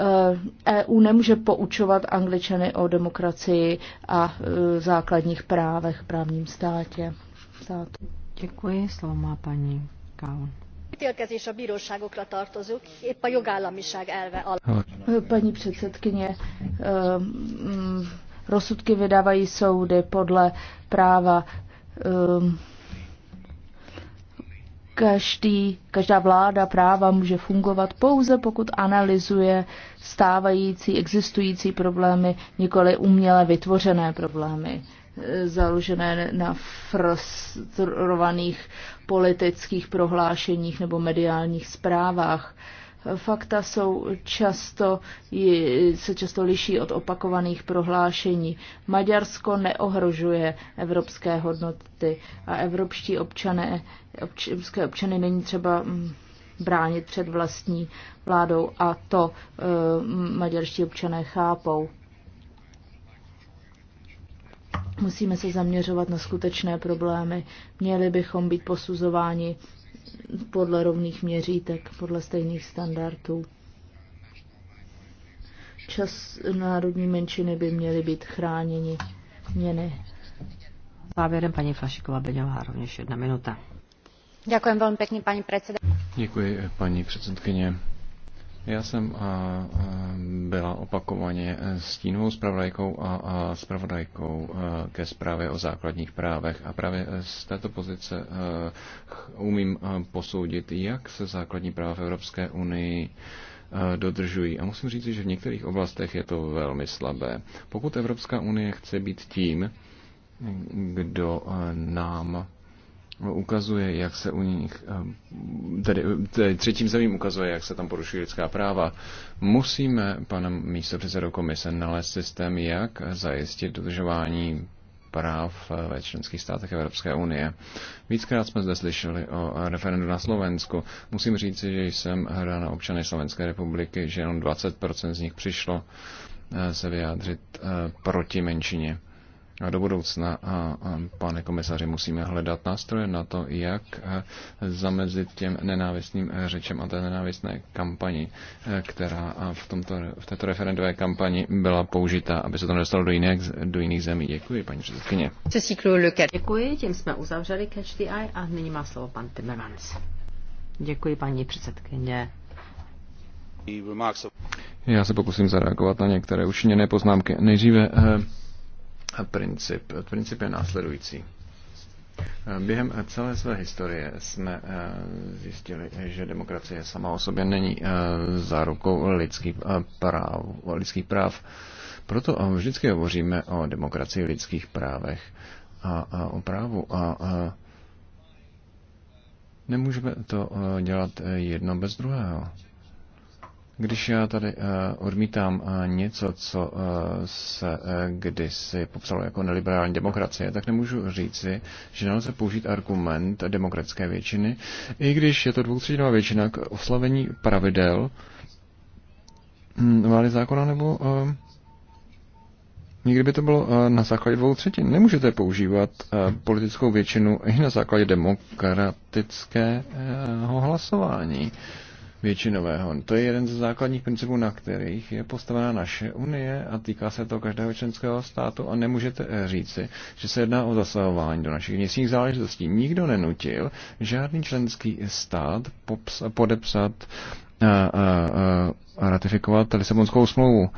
EU eh, e nemůže poučovat Angličany o demokracii a eh, základních právech v právním státě. Státu. Děkuji, slovo má paní Kaun. Paní předsedkyně, eh, mm, rozsudky vydávají soudy podle práva Každý, každá vláda práva může fungovat pouze, pokud analyzuje stávající, existující problémy, nikoli uměle vytvořené problémy, eh, založené na frustrovaných politických prohlášeních nebo mediálních zprávách. Fakta jsou často, se často liší od opakovaných prohlášení. Maďarsko neohrožuje evropské hodnoty a evropští občané, obč, evropské občany není třeba mm, bránit před vlastní vládou a to e, maďarští občané chápou. Musíme se zaměřovat na skutečné problémy. Měli bychom být posuzováni podle rovných měřítek, podle stejných standardů. Čas národní menšiny by měly být chráněni. Měny. Závěrem paní Flašiková Beňová, rovněž jedna minuta. Děkuji velmi pěkně, paní předsedkyně. Děkuji, paní předsedkyně. Já jsem byla opakovaně stínovou zpravodajkou a zpravodajkou ke zprávě o základních právech a právě z této pozice umím posoudit, jak se základní práva v Evropské unii dodržují. A musím říct, že v některých oblastech je to velmi slabé. Pokud Evropská unie chce být tím, kdo nám No, ukazuje, jak se u nich, ehm, tedy, tedy třetím zemím ukazuje, jak se tam porušují lidská práva. Musíme, pane místopředsedo komise, nalézt systém, jak zajistit dodržování práv eh, ve členských státech Evropské unie. Víckrát jsme zde slyšeli o referendu na Slovensku. Musím říct, že jsem hra na občany Slovenské republiky, že jenom 20% z nich přišlo eh, se vyjádřit eh, proti menšině. A do budoucna, a, a, pane komisaři, musíme hledat nástroje na to, jak e, zamezit těm nenávistným e, řečem a té nenávistné kampani, e, která v, tomto, v této referendové kampani byla použita, aby se to nedostalo do jiných, do jiných zemí. Děkuji, paní předsedkyně. Děkuji, tím jsme uzavřeli Catch the Eye a nyní má slovo pan Timmermans. Děkuji, paní předsedkyně. Já se pokusím zareagovat na některé učiněné poznámky. Nejdříve eh, princip. Princip je následující. Během celé své historie jsme eh, zjistili, že demokracie sama o sobě není eh, zárukou lidských eh, práv. Lidských práv. Proto vždycky hovoříme o demokracii, lidských právech a, o právu. a nemůžeme to dělat jedno bez druhého. Když já tady eh, odmítám eh, něco, co eh, se kdysi popsalo jako neliberální demokracie, tak nemůžu říci, že nelze použít argument demokratické většiny, i když je to dvoutřetinová většina k oslavení pravidel hm, vlády zákona nebo Nikdy by to bylo na základě dvou třetin. Nemůžete používat politickou většinu i na základě demokratického hlasování většinového. To je jeden ze základních principů, na kterých je postavena naše unie a týká se to každého členského státu a nemůžete eh, říci, že se jedná o zasahování do našich vnitřních záležitostí. Nikdo nenutil žádný členský stát podepsat a, a, a ratifikovat Lisabonskou smlouvu.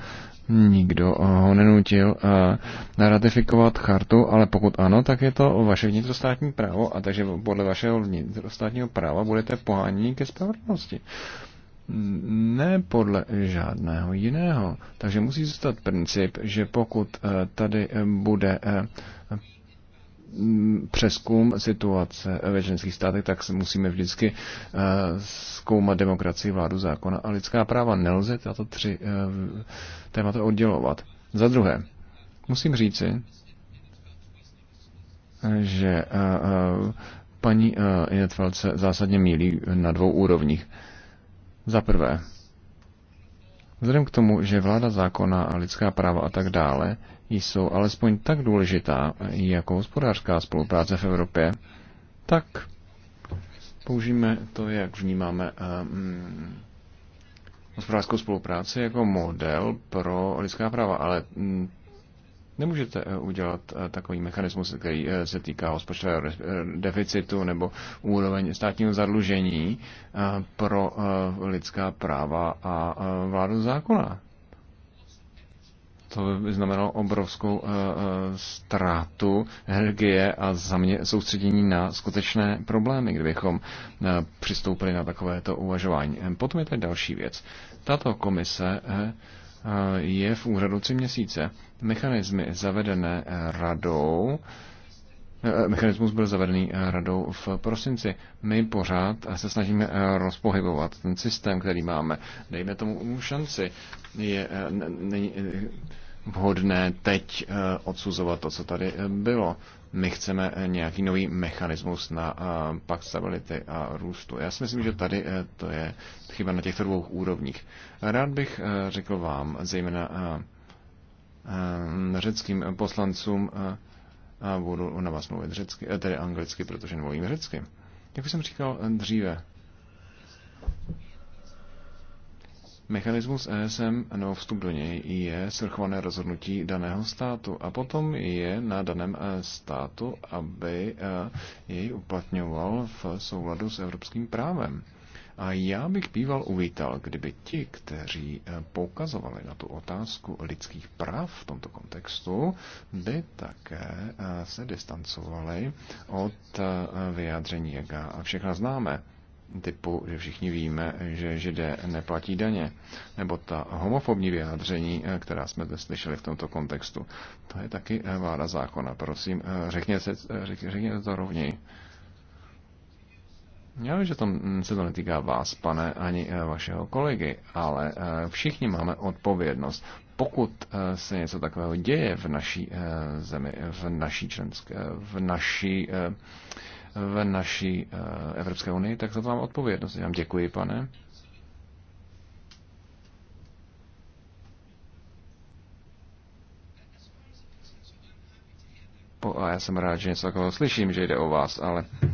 Nikdo eh, ho nenutil eh, ratifikovat chartu, ale pokud ano, tak je to vaše vnitrostátní právo a takže podle vašeho vnitrostátního práva budete pohání ke spravedlnosti. Ne podle žádného jiného. Takže musí zůstat princip, že pokud eh, tady bude Mm, přeskum situace ve ženských státech, tak se musíme vždycky eh, zkoumat demokracii, vládu zákona a lidská práva. Nelze tato tři eh, témata oddělovat. Za druhé, musím říci, že eh, paní Inetfeld se zásadně mílí na dvou úrovních. Za prvé, Vzhledem k tomu, že vláda zákona a lidská práva a tak dále jsou alespoň tak důležitá jako hospodářská spolupráce v Evropě, tak použijeme to, jak vnímáme um, hospodářskou spolupráci jako model pro lidská práva, ale um, Nemůžete eh, udělat eh, takový mechanismus, který eh, se týká rozpočtového deficitu nebo úroveň státního zadlužení pro lidská práva a vládu zákona. To by znamenalo obrovskou ztrátu energie a zamě- soustředění na skutečné problémy, kdybychom přistoupili na takovéto uvažování. Potom je tady další věc. Tato komise Eh, je v úřadu tři měsíce. Mechanizmy zavedené eh, radou eh, Mechanismus byl zavedený radou v prosinci. My pořád se snažíme rozpohybovat ten systém, který máme. Dejme tomu šanci. Je, není vhodné teď odsuzovat to, co tady bylo my chceme eh, nějaký nový mechanismus na eh, pak stability a růstu. Já si myslím, že tady eh, to je chyba na těchto dvou úrovních. Rád bych řekl vám, zejména řeckým poslancům, a budu na vás mluvit řecky, tedy anglicky, protože nemluvím řecky. Jak už jsem říkal dříve, Mechanismus ESM, nebo vstup do něj, je svrchované rozhodnutí daného státu a potom je na daném eh, státu, aby eh, jej uplatňoval v souladu s evropským právem. A já bych býval uvítal, kdyby ti, kteří eh, poukazovali na tu otázku lidských práv v tomto kontextu, by také se distancovali od vyjádření, jaká všechna známe typu, že všichni víme, že židé neplatí daně, nebo ta homofobní vyjádření, eh, která jsme zde slyšeli v tomto kontextu. To je taky eh, vláda zákona. Prosím, eh, řekněte, řekněte to rovněji. Já vím, že tam mm, se to netýká vás, pane, ani vašeho kolegy, ale všichni máme odpovědnost. Pokud se něco takového děje v naší zemi, v naší členské, v naší v naší eh, Evropské unii, tak za to mám odpovědnost. Já vám děkuji, pane. a já jsem rád, že něco takového slyším, že jde o vás, ale eh,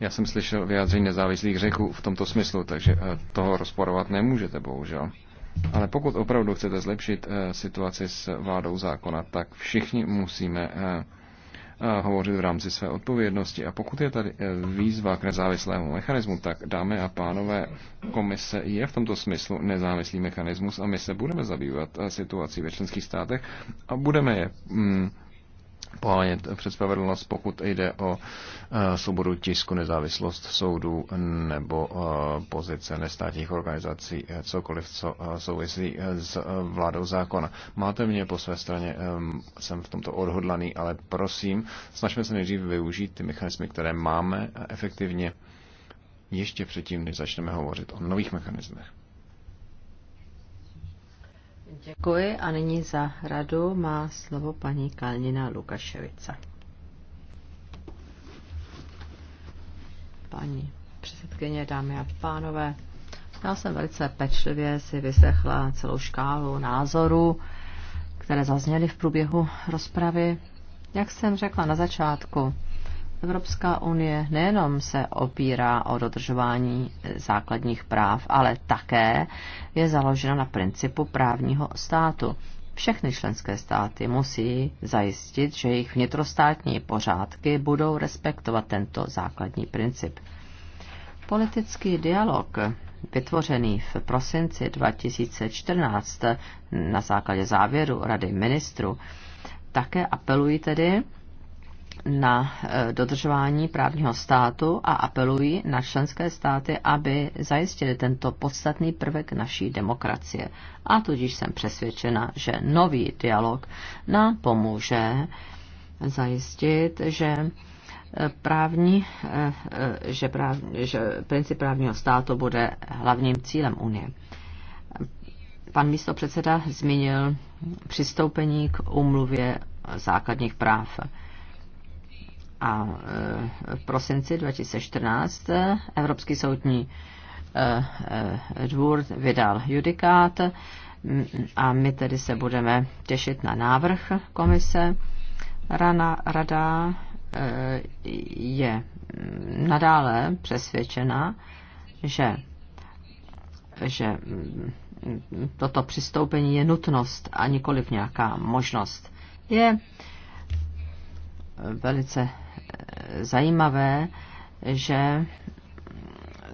já jsem slyšel vyjádření nezávislých řeků v tomto smyslu, takže eh, toho rozporovat nemůžete, bohužel. Ale pokud opravdu chcete zlepšit situaci s vládou zákona, tak všichni musíme hovořit v rámci své odpovědnosti. A pokud je tady eh, výzva k nezávislému mechanismu, tak dámy a pánové, komise je v tomto smyslu nezávislý mechanismus a my se budeme zabývat eh, situací ve členských státech a budeme je mm, pohánět před spravedlnost, pokud jde o eh, svobodu tisku, nezávislost soudů nebo eh, pozice nestátních organizací, eh, cokoliv, co souvisí s vládou zákona. Máte mě po své straně, jsem v tomto odhodlaný, ale prosím, snažme se nejdřív využít ty mechanismy, které máme efektivně ještě předtím, než začneme hovořit o nových mechanismech. Děkuji a nyní za radu má slovo paní Kalnina Lukaševica. Paní předsedkyně, dámy a pánové, já jsem velice pečlivě si vyslechla celou škálu názorů, které zazněly v průběhu rozpravy. Jak jsem řekla na začátku, Evropská unie nejenom se opírá o dodržování základních práv, ale také je založena na principu právního státu. Všechny členské státy musí zajistit, že jejich vnitrostátní pořádky budou respektovat tento základní princip. Politický dialog vytvořený v prosinci 2014 na základě závěru Rady ministrů také apelují tedy na eh, dodržování právního státu a apelují na členské státy, aby zajistili tento podstatný prvek naší demokracie. A tudíž jsem přesvědčena, že nový dialog nám pomůže zajistit, že eh, právní, eh, že, práv, že princip právního státu bude hlavním cílem Unie. Pan místo předseda zmínil přistoupení k umluvě základních práv a e, v prosinci 2014 Evropský soudní e, e, dvůr vydal judikát a my tedy se budeme těšit na návrh komise. Rana, rada je nadále přesvědčena, že, že toto přistoupení je nutnost a nikoliv nějaká možnost. Je velice zajímavé, že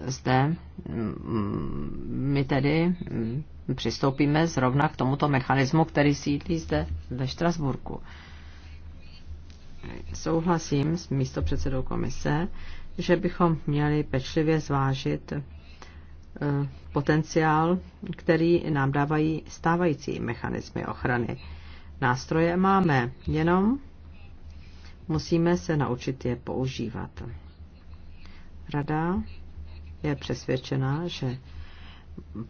zde mm, my tedy mm, přistoupíme zrovna k tomuto mechanismu, který sídlí zde ve Štrasburku. Souhlasím s místopředsedou komise, že bychom měli pečlivě zvážit eh, potenciál, který nám dávají stávající mechanismy ochrany. Nástroje máme, jenom Musíme se naučit je používat. Rada je přesvědčena, že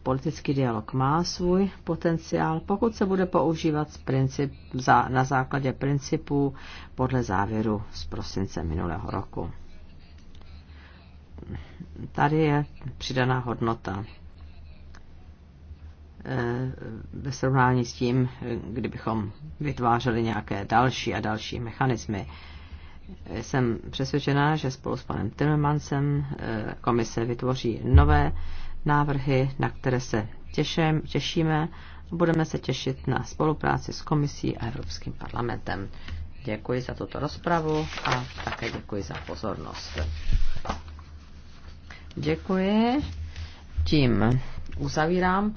politický dialog má svůj potenciál, pokud se bude používat z princip, za, na základě principů podle závěru z prosince minulého roku. Tady je přidaná hodnota Eh, ve srovnání s tím, kdybychom vytvářeli nějaké další a další mechanismy. Jsem přesvědčená, že spolu s panem Timmermansem eh, komise vytvoří nové návrhy, na které se těším, těšíme a budeme se těšit na spolupráci s komisí a Evropským parlamentem. Děkuji za tuto rozpravu a také děkuji za pozornost. Děkuji. Tím uzavírám tu